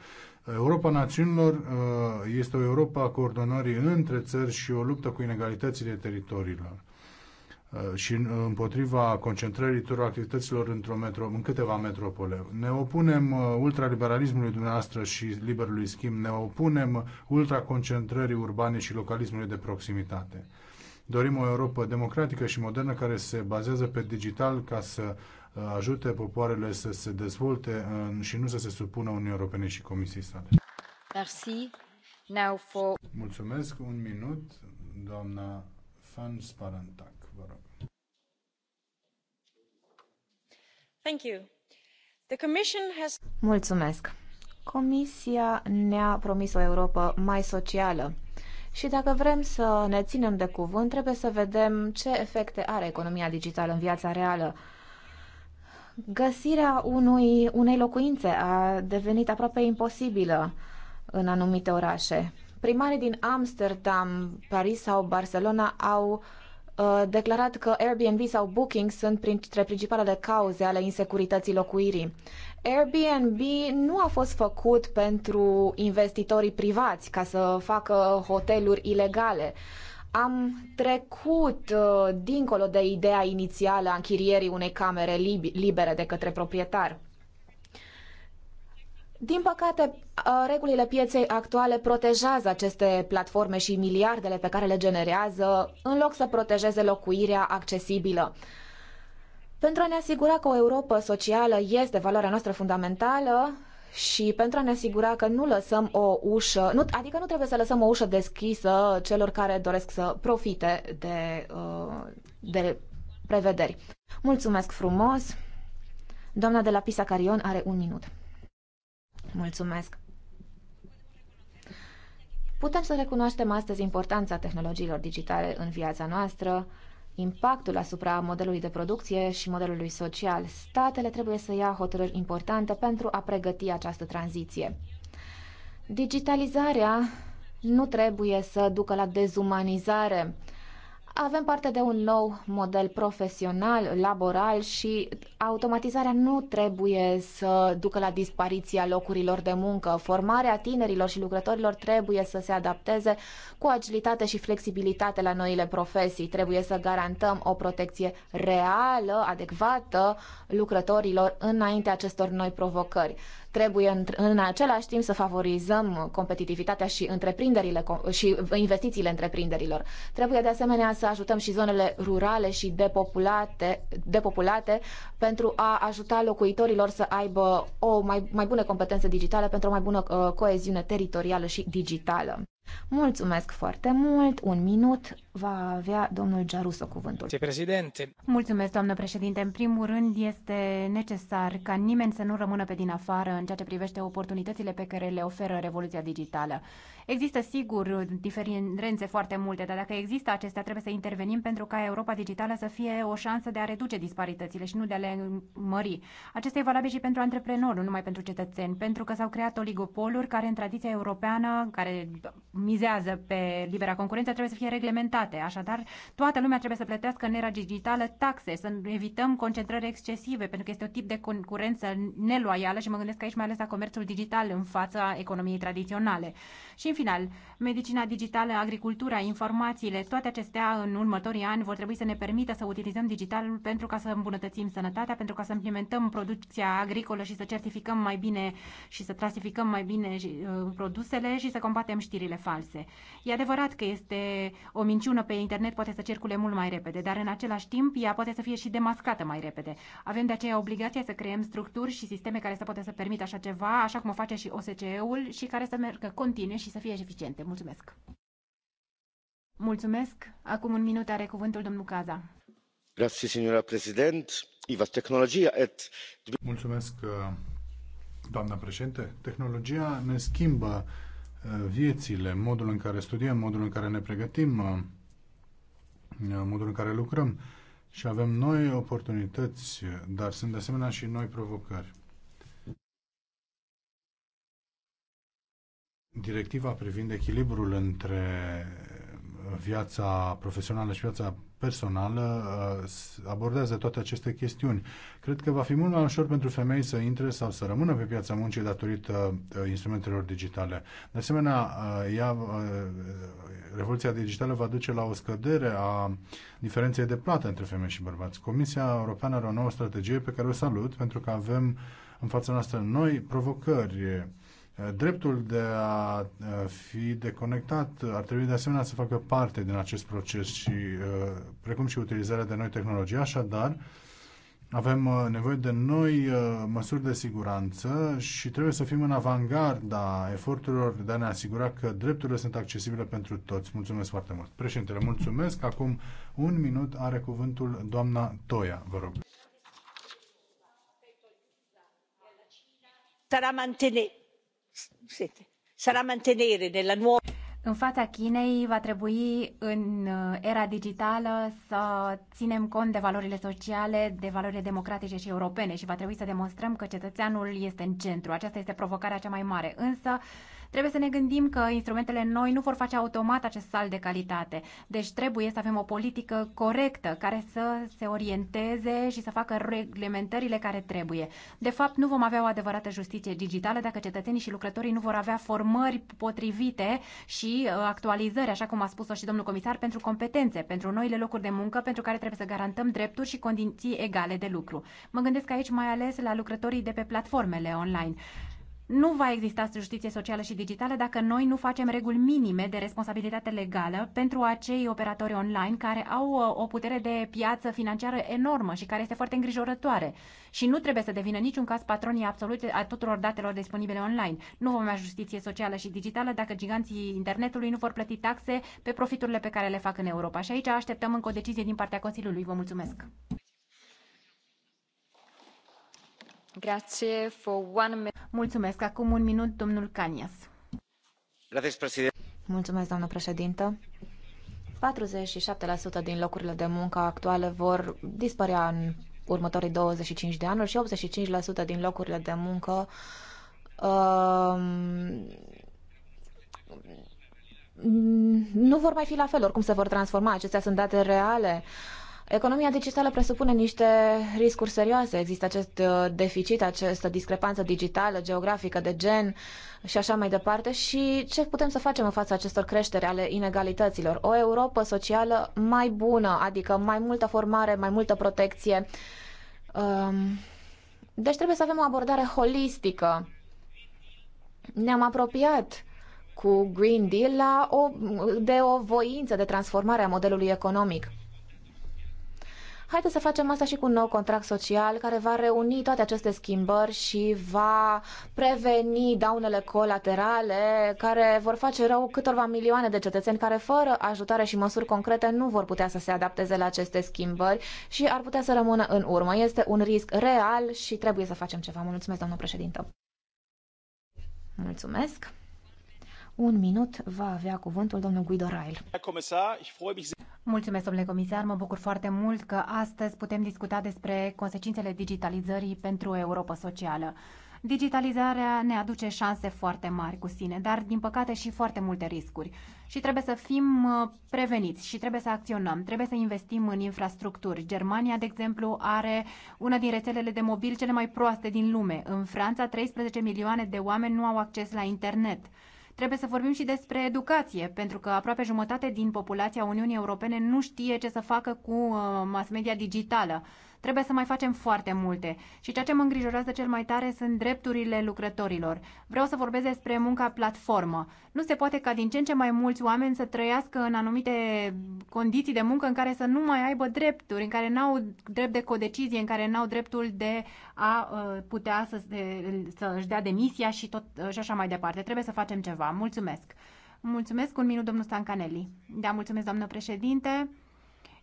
Europa Națiunilor uh, este o Europa a coordonării între țări și o luptă cu inegalitățile teritoriilor uh, și uh, împotriva concentrării tuturor activităților într-o metro, în câteva metropole. Ne opunem ultraliberalismului dumneavoastră și liberului schimb, ne opunem ultraconcentrării urbane și localismului de proximitate. Dorim o Europa democratică și modernă care se bazează pe digital ca să ajute popoarele să se dezvolte și nu să se supună Uniunii Europene și Comisiei sale. Merci. Now for... Mulțumesc. Un minut, doamna Fan Sparantac, vă rog. Thank you. The commission has... Mulțumesc. Comisia ne-a promis o Europa mai socială. Și dacă vrem să ne ținem de cuvânt, trebuie să vedem ce efecte are economia digitală în viața reală. Găsirea unui, unei locuințe a devenit aproape imposibilă în anumite orașe. Primarii din Amsterdam, Paris sau Barcelona au uh, declarat că Airbnb sau Booking sunt printre principalele cauze ale insecurității locuirii. Airbnb nu a fost făcut pentru investitorii privați ca să facă hoteluri ilegale. Uh, am trecut uh, dincolo de ideea inițială a închirierii unei camere lib- libere de către proprietar. Din păcate, uh, regulile pieței actuale protejează aceste platforme și miliardele pe care le generează, în loc să protejeze locuirea accesibilă. Pentru a ne asigura că o Europa socială este valoarea noastră fundamentală, și pentru a ne asigura că nu lăsăm o ușă, nu, adică nu trebuie să lăsăm o ușă deschisă celor care doresc să profite de, uh, de prevederi. Mulțumesc frumos! Doamna de la Pisa Carion are un minut. Mulțumesc! Putem să recunoaștem astăzi importanța tehnologiilor digitale în viața noastră, impactul asupra modelului de producție și modelului social. Statele trebuie să ia hotărâri importante pentru a pregăti această tranziție. Digitalizarea nu trebuie să ducă la dezumanizare avem parte de un nou model profesional, laboral și automatizarea nu trebuie să ducă la dispariția locurilor de muncă. Formarea tinerilor și lucrătorilor trebuie să se adapteze cu agilitate și flexibilitate la noile profesii. Trebuie să garantăm o protecție reală, adecvată lucrătorilor înainte acestor noi provocări. Trebuie în, același timp să favorizăm competitivitatea și întreprinderile și investițiile întreprinderilor. Trebuie de asemenea să ajutăm și zonele rurale și depopulate, depopulate pentru a ajuta locuitorilor să aibă o mai, mai bună competență digitală pentru o mai bună uh, coeziune teritorială și digitală. Mulțumesc foarte mult. Un minut va avea domnul Giaruso cuvântul. Președinte. Mulțumesc, doamnă președinte. În primul rând, este necesar ca nimeni să nu rămână pe din afară în ceea ce privește oportunitățile pe care le oferă revoluția digitală. Există, sigur, diferențe foarte multe, dar dacă există acestea, trebuie să intervenim pentru ca Europa digitală să fie o șansă de a reduce disparitățile și nu de a le mări. Acesta e valabil și pentru antreprenori, nu numai pentru cetățeni, pentru că s-au creat oligopoluri care în tradiția europeană, care mizează pe libera concurență, trebuie să fie reglementate. Așadar, toată lumea trebuie să plătească în era digitală taxe, să evităm concentrări excesive, pentru că este un tip de concurență neloială și mă gândesc aici mai ales la comerțul digital în fața economiei tradiționale. Și în final, medicina digitală, agricultura, informațiile, toate acestea în următorii ani vor trebui să ne permită să utilizăm digitalul pentru ca să îmbunătățim sănătatea, pentru ca să implementăm producția agricolă și să certificăm mai bine și să clasificăm mai bine uh, produsele și să combatem știrile false. E adevărat că este o minciună pe internet, poate să circule mult mai repede, dar în același timp ea poate să fie și demascată mai repede. Avem de aceea obligația să creăm structuri și sisteme care să poată să permită așa ceva, așa cum o face și OSCE-ul și care să meargă continue și să fie eficiente. Mulțumesc! Mulțumesc! Acum un minut are cuvântul domnul Caza. Grazie, signora President. Ivas, tehnologia et... Mulțumesc, uh, doamna președinte. Tehnologia ne schimbă uh, viețile, modul în care studiem, modul în care ne pregătim, uh, modul în care lucrăm și avem noi oportunități, dar sunt de asemenea și noi provocări. Directiva privind echilibrul între uh, viața profesională și viața personală uh, abordează toate aceste chestiuni. Cred că va fi mult mai ușor pentru femei să intre sau să rămână pe piața muncii datorită uh, instrumentelor digitale. De asemenea, ea, revoluția digitală va duce la o scădere a diferenței de plată între femei și bărbați. Comisia Europeană are o nouă strategie pe care o salut pentru că avem în fața noastră noi provocări Eh, dreptul de a eh, fi deconectat ar trebui de asemenea să facă parte din acest proces, și, eh, precum și utilizarea de noi tehnologii. Așadar, avem nevoie de noi măsuri de siguranță și trebuie să fim în avangarda eforturilor de a ne asigura că drepturile sunt accesibile pentru toți. Mulțumesc foarte mult. Președintele, mulțumesc. Acum un minut are cuvântul doamna Toia, vă rog. Sarà mantenuto în fața Chinei va trebui în uh, era digitală să ținem cont de valorile sociale, de valorile democratice și europene și va trebui să demonstrăm că cetățeanul este în centru. Aceasta este provocarea cea mai mare. Însă Trebuie să ne gândim că instrumentele noi nu vor face automat acest sal de calitate. Deci trebuie să avem o politică corectă care să se orienteze și să facă reglementările care trebuie. De fapt, nu vom avea o adevărată justiție digitală dacă cetățenii și lucrătorii nu vor avea formări potrivite și uh, actualizări, așa cum a spus-o și domnul comisar, pentru competențe, pentru noile locuri de muncă, pentru care trebuie să garantăm drepturi și condiții egale de lucru. Mă gândesc aici mai ales la lucrătorii de pe platformele online. Nu va exista justiție socială și digitală dacă noi nu facem reguli minime de responsabilitate legală pentru acei operatori online care au uh, o putere de piață financiară enormă și care este foarte îngrijorătoare. Și nu trebuie să devină niciun caz patronii absolute a tuturor datelor disponibile online. Nu vom avea justiție socială și digitală dacă giganții internetului nu vor plăti taxe pe profiturile pe care le fac în Europa. Și aici așteptăm încă o decizie din partea Consiliului. Vă mulțumesc! Mulțumesc. Acum un minut, domnul Canias. Mulțumesc, 47% din locurile de muncă actuale vor dispărea în următorii 25 de ani și 85% din locurile de muncă um, nu vor mai fi la fel, oricum se vor transforma. Acestea sunt date reale. Uh, Economia digitală presupune niște riscuri serioase. Există acest uh, deficit, această discrepanță digitală, geografică, de gen și așa mai departe. Și ce putem să facem în fața acestor creșteri ale inegalităților? O Europa socială mai bună, adică mai multă formare, mai multă protecție. Um, deci trebuie să avem o abordare holistică. Ne-am apropiat cu Green Deal la o, de o voință de transformare a modelului economic Haideți să facem asta și cu un nou contract social care va reuni toate aceste schimbări și va preveni daunele colaterale care vor face rău câtorva milioane de cetățeni care fără ajutare și măsuri concrete nu vor putea să se adapteze la aceste schimbări și ar putea să rămână în urmă. Este un risc real și trebuie să facem ceva. Mulțumesc, domnul președinte. Mulțumesc. Un minut va avea cuvântul domnul Guido Rail. Mulțumesc, domnule comisar. Mă bucur foarte mult că astăzi putem discuta despre consecințele digitalizării pentru Europa socială. Digitalizarea ne aduce șanse foarte mari cu sine, dar din păcate și foarte multe riscuri. Și trebuie să fim uh, preveniți și trebuie să acționăm, trebuie să investim în infrastructuri. Germania, de exemplu, are una din rețelele de mobil cele mai proaste din lume. În Franța, 13 milioane de oameni nu au acces la internet. Trebuie să vorbim și despre educație, pentru că aproape jumătate din populația Uniunii Europene nu știe ce să facă cu uh, mass media digitală. Trebuie să mai facem foarte multe și ceea ce mă îngrijorează cel mai tare sunt drepturile lucrătorilor. Vreau să vorbesc despre munca platformă. Nu se poate ca din ce în ce mai mulți oameni să trăiască în anumite condiții de muncă în care să nu mai aibă drepturi, în care n-au drept de codecizie, în care n-au dreptul de a uh, putea să, să își dea demisia și, tot, uh, și așa mai departe. Trebuie să facem ceva. Mulțumesc! Mulțumesc un minut, domnul Stancanelli. Da, mulțumesc, doamnă președinte.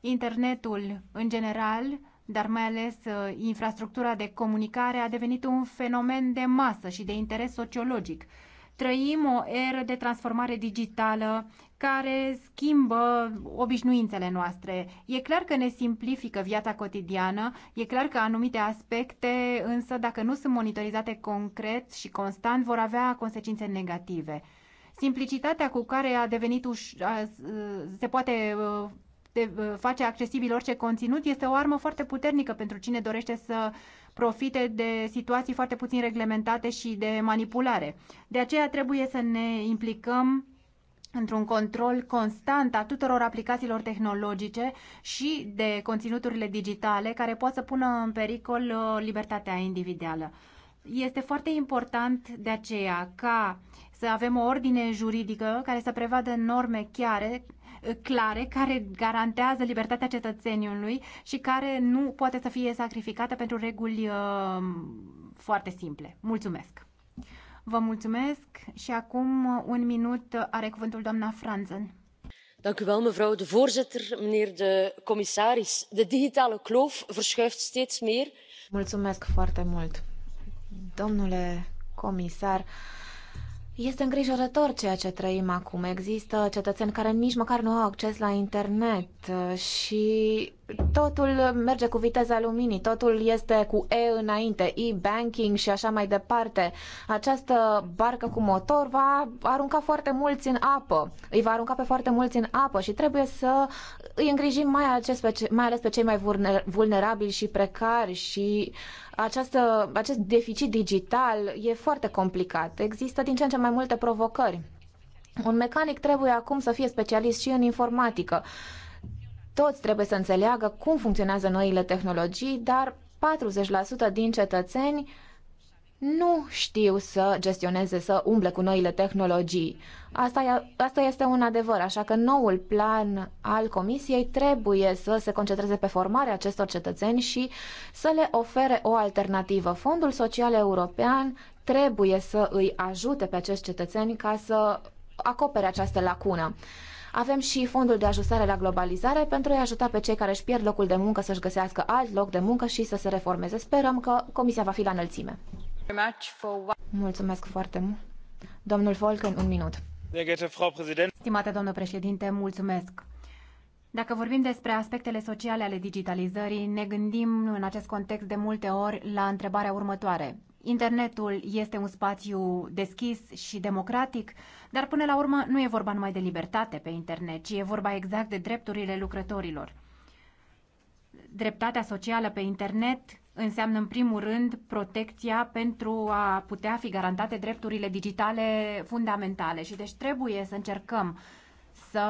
Internetul, în general, dar mai ales uh, infrastructura de comunicare a devenit un fenomen de masă și de interes sociologic. Trăim o eră de transformare digitală care schimbă obișnuințele noastre. E clar că ne simplifică viața cotidiană, e clar că anumite aspecte, însă, dacă nu sunt monitorizate concret și constant, vor avea consecințe negative. Simplicitatea cu care a devenit uș- se poate uh, se uh, face accesibil orice conținut, este o armă foarte puternică pentru cine dorește să profite de situații foarte puțin reglementate și de manipulare. De aceea trebuie să ne implicăm într-un control constant a tuturor aplicațiilor tehnologice și de conținuturile digitale care pot să pună în pericol uh, libertatea individuală. Este foarte important de aceea ca să avem o ordine juridică care să prevadă norme chiare clare care garantează libertatea cetățeniului și care nu poate să fie sacrificată pentru reguli uh, foarte simple. Mulțumesc! Vă mulțumesc și acum un minut are cuvântul doamna Franzen. Dank u wel, mevrouw de voorzitter, meneer de commissaris. De digitale kloof verschuift steeds meer. Mulțumesc foarte mult. Domnule comisar, este îngrijorător ceea ce trăim acum. Există cetățeni care nici măcar nu au acces la internet uh, și totul merge cu viteza luminii, totul este cu E înainte, e-banking și așa mai departe. Această barcă cu motor va arunca foarte mulți în apă, îi va arunca pe foarte mulți în apă și trebuie să îi îngrijim mai, acest, mai ales pe cei mai vulnerabili și precari și această, acest deficit digital e foarte complicat. Există din ce în ce mai multe provocări. Un mecanic trebuie acum să fie specialist și în informatică toți trebuie să înțeleagă cum funcționează noile tehnologii, dar 40% din cetățeni nu știu să gestioneze, să umble cu noile tehnologii. Asta, e, asta este un adevăr, așa că noul plan al Comisiei trebuie să se concentreze pe formarea acestor cetățeni și să le ofere o alternativă. Fondul Social European trebuie să îi ajute pe acești cetățeni ca să acopere această lacună. Avem și fondul de ajustare la globalizare pentru a-i ajuta pe cei care își pierd locul de muncă să-și găsească alt loc de muncă și să se reformeze. Sperăm că Comisia va fi la înălțime. Mulțumesc foarte mult. Domnul în un minut. Stimate domnul președinte, mulțumesc. Dacă vorbim despre aspectele sociale ale digitalizării, ne gândim în acest context de multe ori la întrebarea următoare. Internetul este un spațiu deschis și democratic, dar până la urmă nu e vorba numai de libertate pe internet, ci e vorba exact de drepturile lucrătorilor. Dreptatea socială pe internet înseamnă în primul rând protecția pentru a putea fi garantate drepturile digitale fundamentale și deci trebuie să încercăm să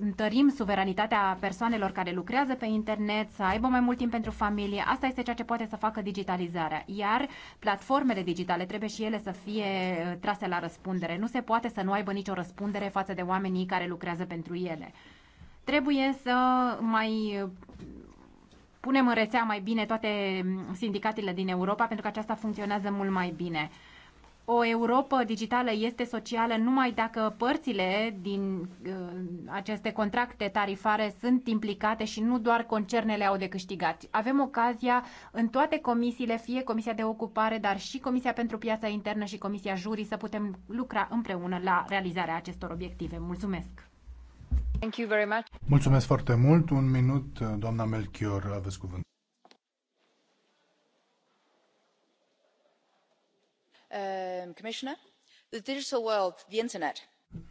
întărim suveranitatea persoanelor care lucrează pe internet, să aibă mai mult timp pentru familie. Asta este ceea ce poate să facă digitalizarea. Iar platformele digitale trebuie și ele să fie uh, trase la răspundere. Nu se poate să nu aibă nicio răspundere față de oamenii care lucrează pentru ele. Trebuie să mai uh, punem în rețea mai bine toate mm, sindicatele din Europa, pentru că aceasta funcționează mult mai bine o Europa digitală este socială numai dacă părțile din uh, aceste contracte tarifare sunt implicate și nu doar concernele au de câștigat. Avem ocazia în toate comisiile, fie Comisia de Ocupare, dar și Comisia pentru Piața Internă și Comisia Jurii, să putem lucra împreună la realizarea acestor obiective. Mulțumesc! Thank you very much. Mulțumesc foarte mult. Un minut, doamna Melchior, aveți cuvântul. Um,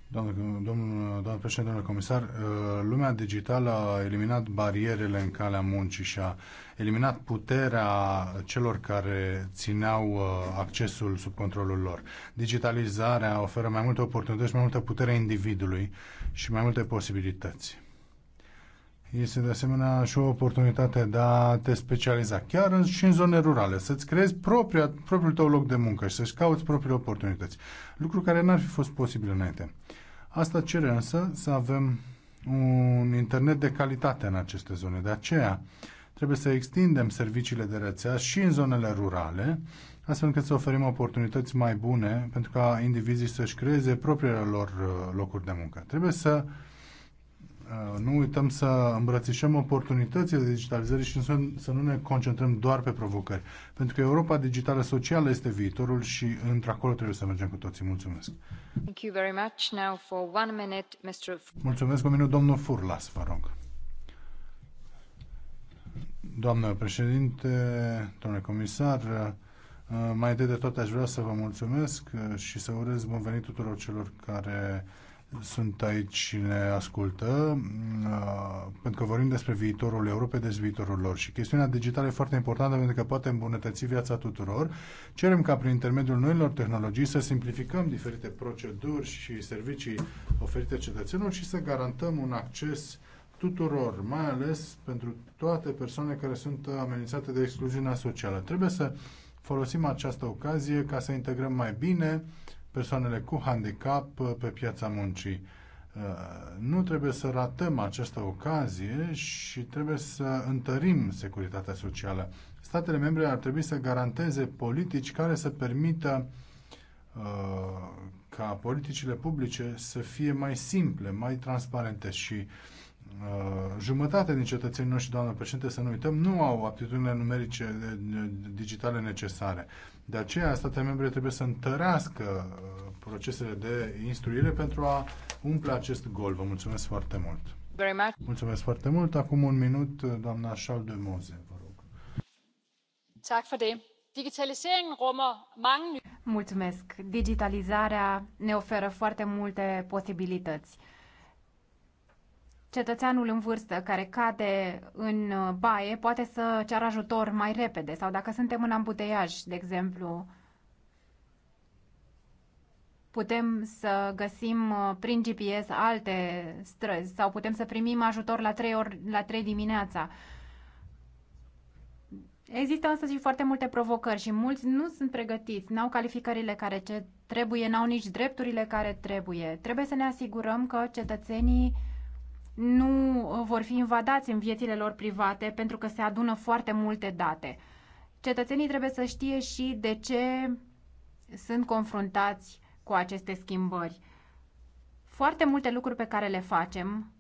doamnă, doamnă președinte, domnule comisar, uh, lumea digitală a eliminat barierele în calea muncii și a eliminat puterea celor care țineau uh, accesul sub controlul lor. Digitalizarea oferă mai multe oportunități, mai multă putere individului și mai multe posibilități. Este de asemenea și o oportunitate de a te specializa, chiar în, și în zone rurale, să-ți creezi propria, propriul tău loc de muncă și să ți cauți propriile oportunități. Lucru care n-ar fi fost posibil înainte. Asta cere însă să avem un internet de calitate în aceste zone. De aceea trebuie să extindem serviciile de rețea și în zonele rurale, astfel încât să oferim oportunități mai bune pentru ca indivizii să-și creeze propriile lor uh, locuri de muncă. Trebuie să uh, Uh, nu uităm să îmbrățișăm oportunitățile de digitalizării și să nu ne concentrăm doar pe provocări. Pentru că Europa digitală socială este viitorul și într-acolo trebuie să mergem cu toții. Mulțumesc! Thank you very much. Now for one minute, Mr. Mulțumesc un minut, domnul Furlas, vă rog. Doamnă președinte, domnule comisar, uh, mai întâi de toate aș vrea să vă mulțumesc uh, și să urez bun venit tuturor celor care sunt aici, ne ascultă, mm, pentru că vorbim despre viitorul Europei, despre viitorul lor. Și chestiunea digitală e foarte importantă pentru că poate îmbunătăți viața tuturor. Cerem ca prin intermediul noilor tehnologii să simplificăm diferite proceduri și servicii oferite cetățenilor și să garantăm un acces tuturor, mai ales pentru toate persoanele care sunt amenințate de excluziunea socială. Trebuie să folosim această ocazie ca să integrăm mai bine persoanele cu handicap uh, pe piața muncii. Uh, nu trebuie să ratăm această ocazie și trebuie să întărim securitatea socială. Statele membre ar trebui să garanteze politici care să permită uh, ca politicile publice să fie mai simple, mai transparente și uh, Uh, jumătate din cetățenii noștri, doamnă președinte, să nu uităm, nu au aptitudinile numerice digitale necesare. De aceea, statele membre trebuie să întărească uh, procesele de instruire pentru a umple acest gol. Vă mulțumesc foarte mult! Mulțumesc foarte mult! Acum un minut, uh, doamna Charles de Moze, vă rog. Tak for Mulțumesc. Digitalizarea ne oferă foarte multe posibilități cetățeanul în vârstă care cade în uh, baie poate să ceară ajutor mai repede sau dacă suntem în ambuteiaj, de exemplu, putem să găsim uh, prin GPS alte străzi sau putem să primim ajutor la 3, ori, la 3 dimineața. Există însă și foarte multe provocări și mulți nu sunt pregătiți, n-au calificările care ce trebuie, n-au nici drepturile care trebuie. Trebuie să ne asigurăm că cetățenii nu vor fi invadați în viețile lor private pentru că se adună foarte multe date. Cetățenii trebuie să știe și de ce sunt confruntați cu aceste schimbări. Foarte multe lucruri pe care le facem,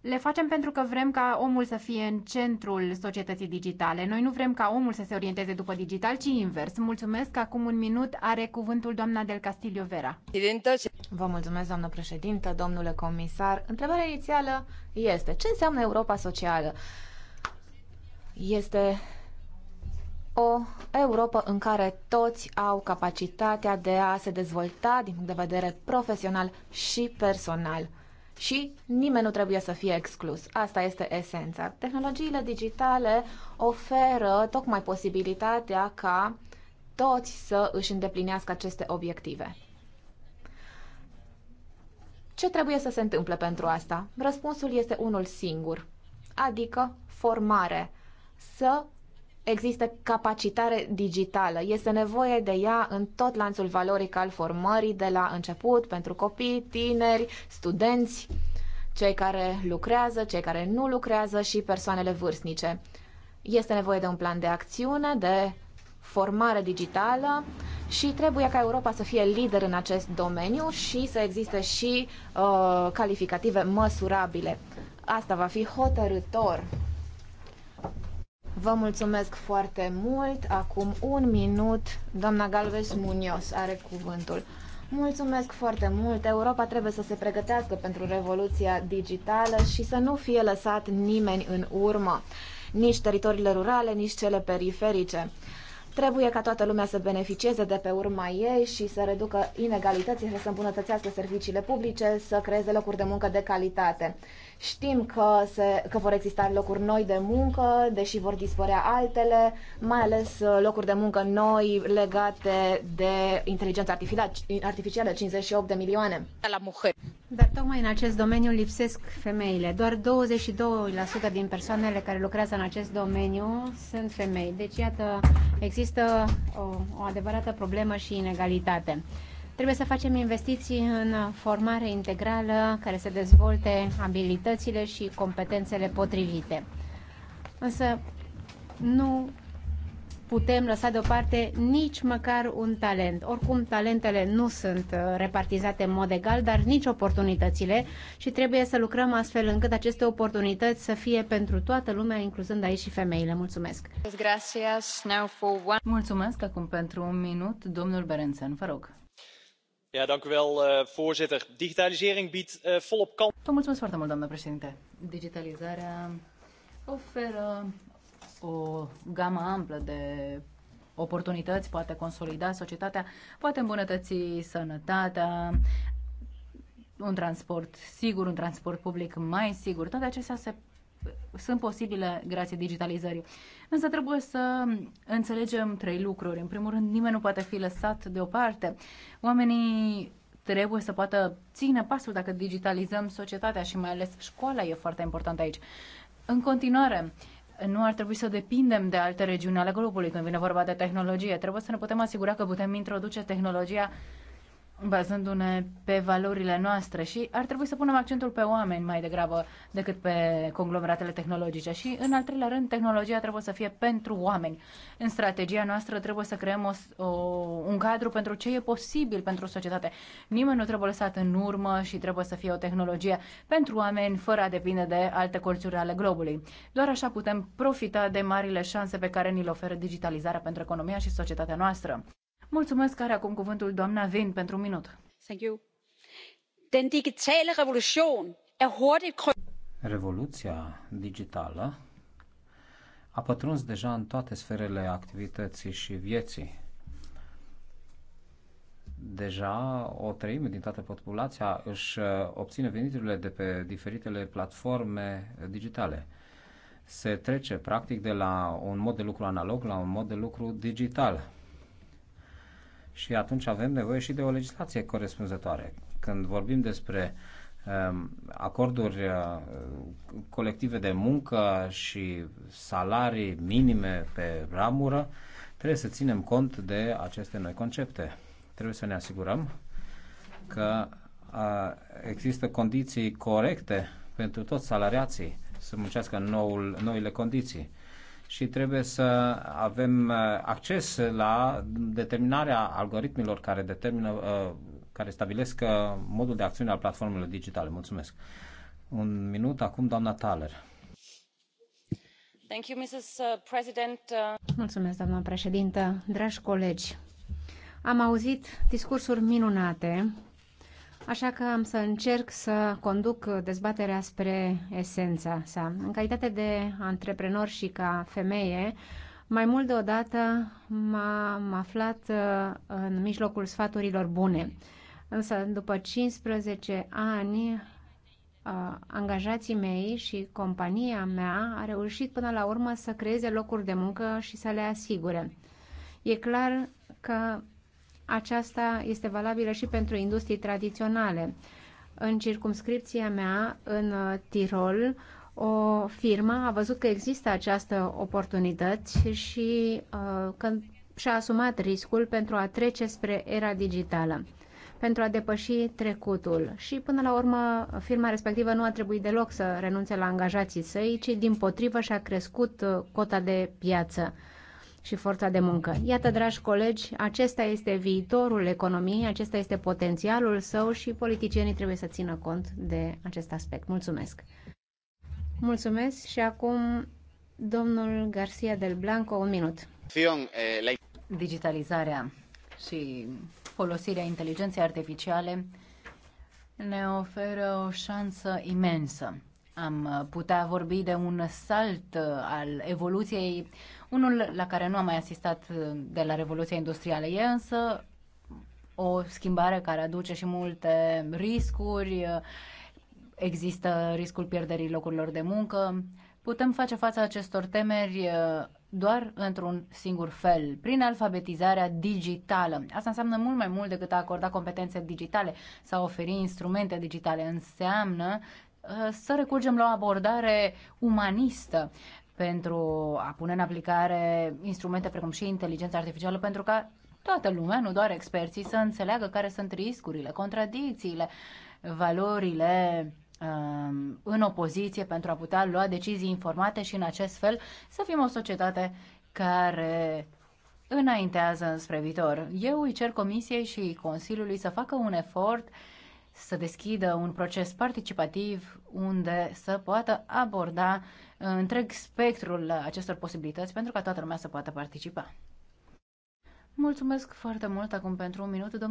le facem pentru că vrem ca omul să fie în centrul societății digitale. Noi nu vrem ca omul să se orienteze după digital, ci invers. Mulțumesc. Acum un minut are cuvântul doamna Del Castillo Vera. Vă mulțumesc, doamnă președintă, domnule comisar. Întrebarea inițială este, ce înseamnă Europa socială? Este o Europa în care toți au capacitatea de a se dezvolta din punct de vedere profesional și personal. Și nimeni nu trebuie să fie exclus. Asta este esența. Tehnologiile digitale oferă tocmai posibilitatea ca toți să își îndeplinească aceste obiective. Ce trebuie să se întâmple pentru asta? Răspunsul este unul singur, adică formare. Să există capacitare digitală. Este nevoie de ea în tot lanțul valoric al formării, de la început, pentru copii, tineri, studenți, cei care lucrează, cei care nu lucrează și persoanele vârstnice. Este nevoie de un plan de acțiune, de formare digitală și trebuie ca Europa să fie lider în acest domeniu și să existe și uh, calificative măsurabile. Asta va fi hotărător. Vă mulțumesc foarte mult. Acum un minut, doamna Galvez Munios are cuvântul. Mulțumesc foarte mult. Europa trebuie să se pregătească pentru revoluția digitală și să nu fie lăsat nimeni în urmă, nici teritoriile rurale, nici cele periferice. Trebuie ca toată lumea să beneficieze de pe urma ei și să reducă inegalitățile, să îmbunătățească serviciile publice, să creeze locuri de muncă de calitate. Știm că, se, că vor exista locuri noi de muncă, deși vor dispărea altele, mai ales uh, locuri de muncă noi legate de inteligența artificială, 58 de milioane. La mujer. Dar tocmai în acest domeniu lipsesc femeile. Doar 22% din persoanele care lucrează în acest domeniu sunt femei. Deci, iată, există o, o adevărată problemă și inegalitate. Trebuie să facem investiții în formare integrală care să dezvolte abilitățile și competențele potrivite. Însă nu putem lăsa deoparte nici măcar un talent. Oricum, talentele nu sunt uh, repartizate în mod egal, dar nici oportunitățile și trebuie să lucrăm astfel încât aceste oportunități să fie pentru toată lumea, incluzând aici și femeile. Mulțumesc! Mulțumesc acum pentru un minut, domnul Berențen, vă rog. Eh, voorzitter digitalisering biedt eh, volop kansen. mulțumesc doamnă președinte. Digitalizarea oferă o gamă amplă de oportunități, poate consolida societatea, poate îmbunătăți sănătatea, un transport sigur, un transport public mai sigur. Toate acestea se sunt posibile grație digitalizării. Însă trebuie să înțelegem trei lucruri. În primul rând, nimeni nu poate fi lăsat deoparte. Oamenii trebuie să poată ține pasul dacă digitalizăm societatea și mai ales școala e foarte importantă aici. În continuare, nu ar trebui să depindem de alte regiuni ale globului când vine vorba de tehnologie. Trebuie să ne putem asigura că putem introduce tehnologia bazându-ne pe valorile noastre și ar trebui să punem accentul pe oameni mai degrabă decât pe conglomeratele tehnologice. Și, în al treilea rând, tehnologia trebuie să fie pentru oameni. În strategia noastră trebuie să creăm o, o, un cadru pentru ce e posibil pentru societate. Nimeni nu trebuie lăsat în urmă și trebuie să fie o tehnologie pentru oameni, fără a depinde de alte colțuri ale globului. Doar așa putem profita de marile șanse pe care ni le oferă digitalizarea pentru economia și societatea noastră. Mulțumesc, care acum cuvântul doamna Vin pentru un minut. Thank you. Den digitale revolution er hurtigt... Revoluția digitală a pătruns deja în toate sferele activității și vieții. Deja o treime din toată populația își uh, obține veniturile de pe diferitele platforme digitale. Se trece practic de la un mod de lucru analog la un mod de lucru digital și atunci avem nevoie și de o legislație corespunzătoare. Când vorbim despre um, acorduri uh, colective de muncă și salarii minime pe ramură, trebuie să ținem cont de aceste noi concepte. Trebuie să ne asigurăm că uh, există condiții corecte pentru toți salariații să muncească în noul, noile condiții și trebuie să avem uh, acces la determinarea algoritmilor care determină, uh, care stabilesc uh, modul de acțiune al platformelor digitale. Mulțumesc. Un minut acum, doamna Thaler. Thank you, Mrs. President. Mulțumesc, doamna președintă. Dragi colegi, am auzit discursuri minunate așa că am să încerc să conduc dezbaterea spre esența sa. În calitate de antreprenor și ca femeie, mai mult deodată m-am aflat uh, în mijlocul sfaturilor bune. Însă, după 15 ani, uh, angajații mei și compania mea a reușit până la urmă să creeze locuri de muncă și să le asigure. E clar că aceasta este valabilă și pentru industrii tradiționale. În circumscripția mea, în uh, Tirol, o firmă a văzut că există această oportunități și uh, că și-a asumat riscul pentru a trece spre era digitală, pentru a depăși trecutul. Și până la urmă, firma respectivă nu a trebuit deloc să renunțe la angajații săi, ci din potrivă și-a crescut uh, cota de piață și forța de muncă. Iată, dragi colegi, acesta este viitorul economiei, acesta este potențialul său și politicienii trebuie să țină cont de acest aspect. Mulțumesc! Mulțumesc și acum domnul Garcia del Blanco, un minut. Eh, Digitalizarea și folosirea inteligenței artificiale ne oferă o șansă imensă am putea vorbi de un salt uh, al evoluției, unul la care nu am mai asistat uh, de la Revoluția Industrială. E însă o schimbare care aduce și multe riscuri, există riscul pierderii locurilor de muncă. Putem face față acestor temeri uh, doar într-un singur fel, prin alfabetizarea digitală. Asta înseamnă mult mai mult decât a acorda competențe digitale sau oferi instrumente digitale. Înseamnă Eh, să recurgem la o abordare umanistă pentru a pune în aplicare instrumente precum și inteligența artificială pentru ca toată lumea, nu doar experții, să înțeleagă care sunt riscurile, contradicțiile, valorile ehm, în opoziție pentru a putea lua decizii informate și în acest fel să fim o societate care înaintează spre viitor. Eu îi cer Comisiei și Consiliului să facă un efort uh, să deschidă un proces participativ unde să poată aborda întreg spectrul acestor posibilități pentru ca toată lumea să poată participa. Mulțumesc foarte mult acum pentru un minut, domnul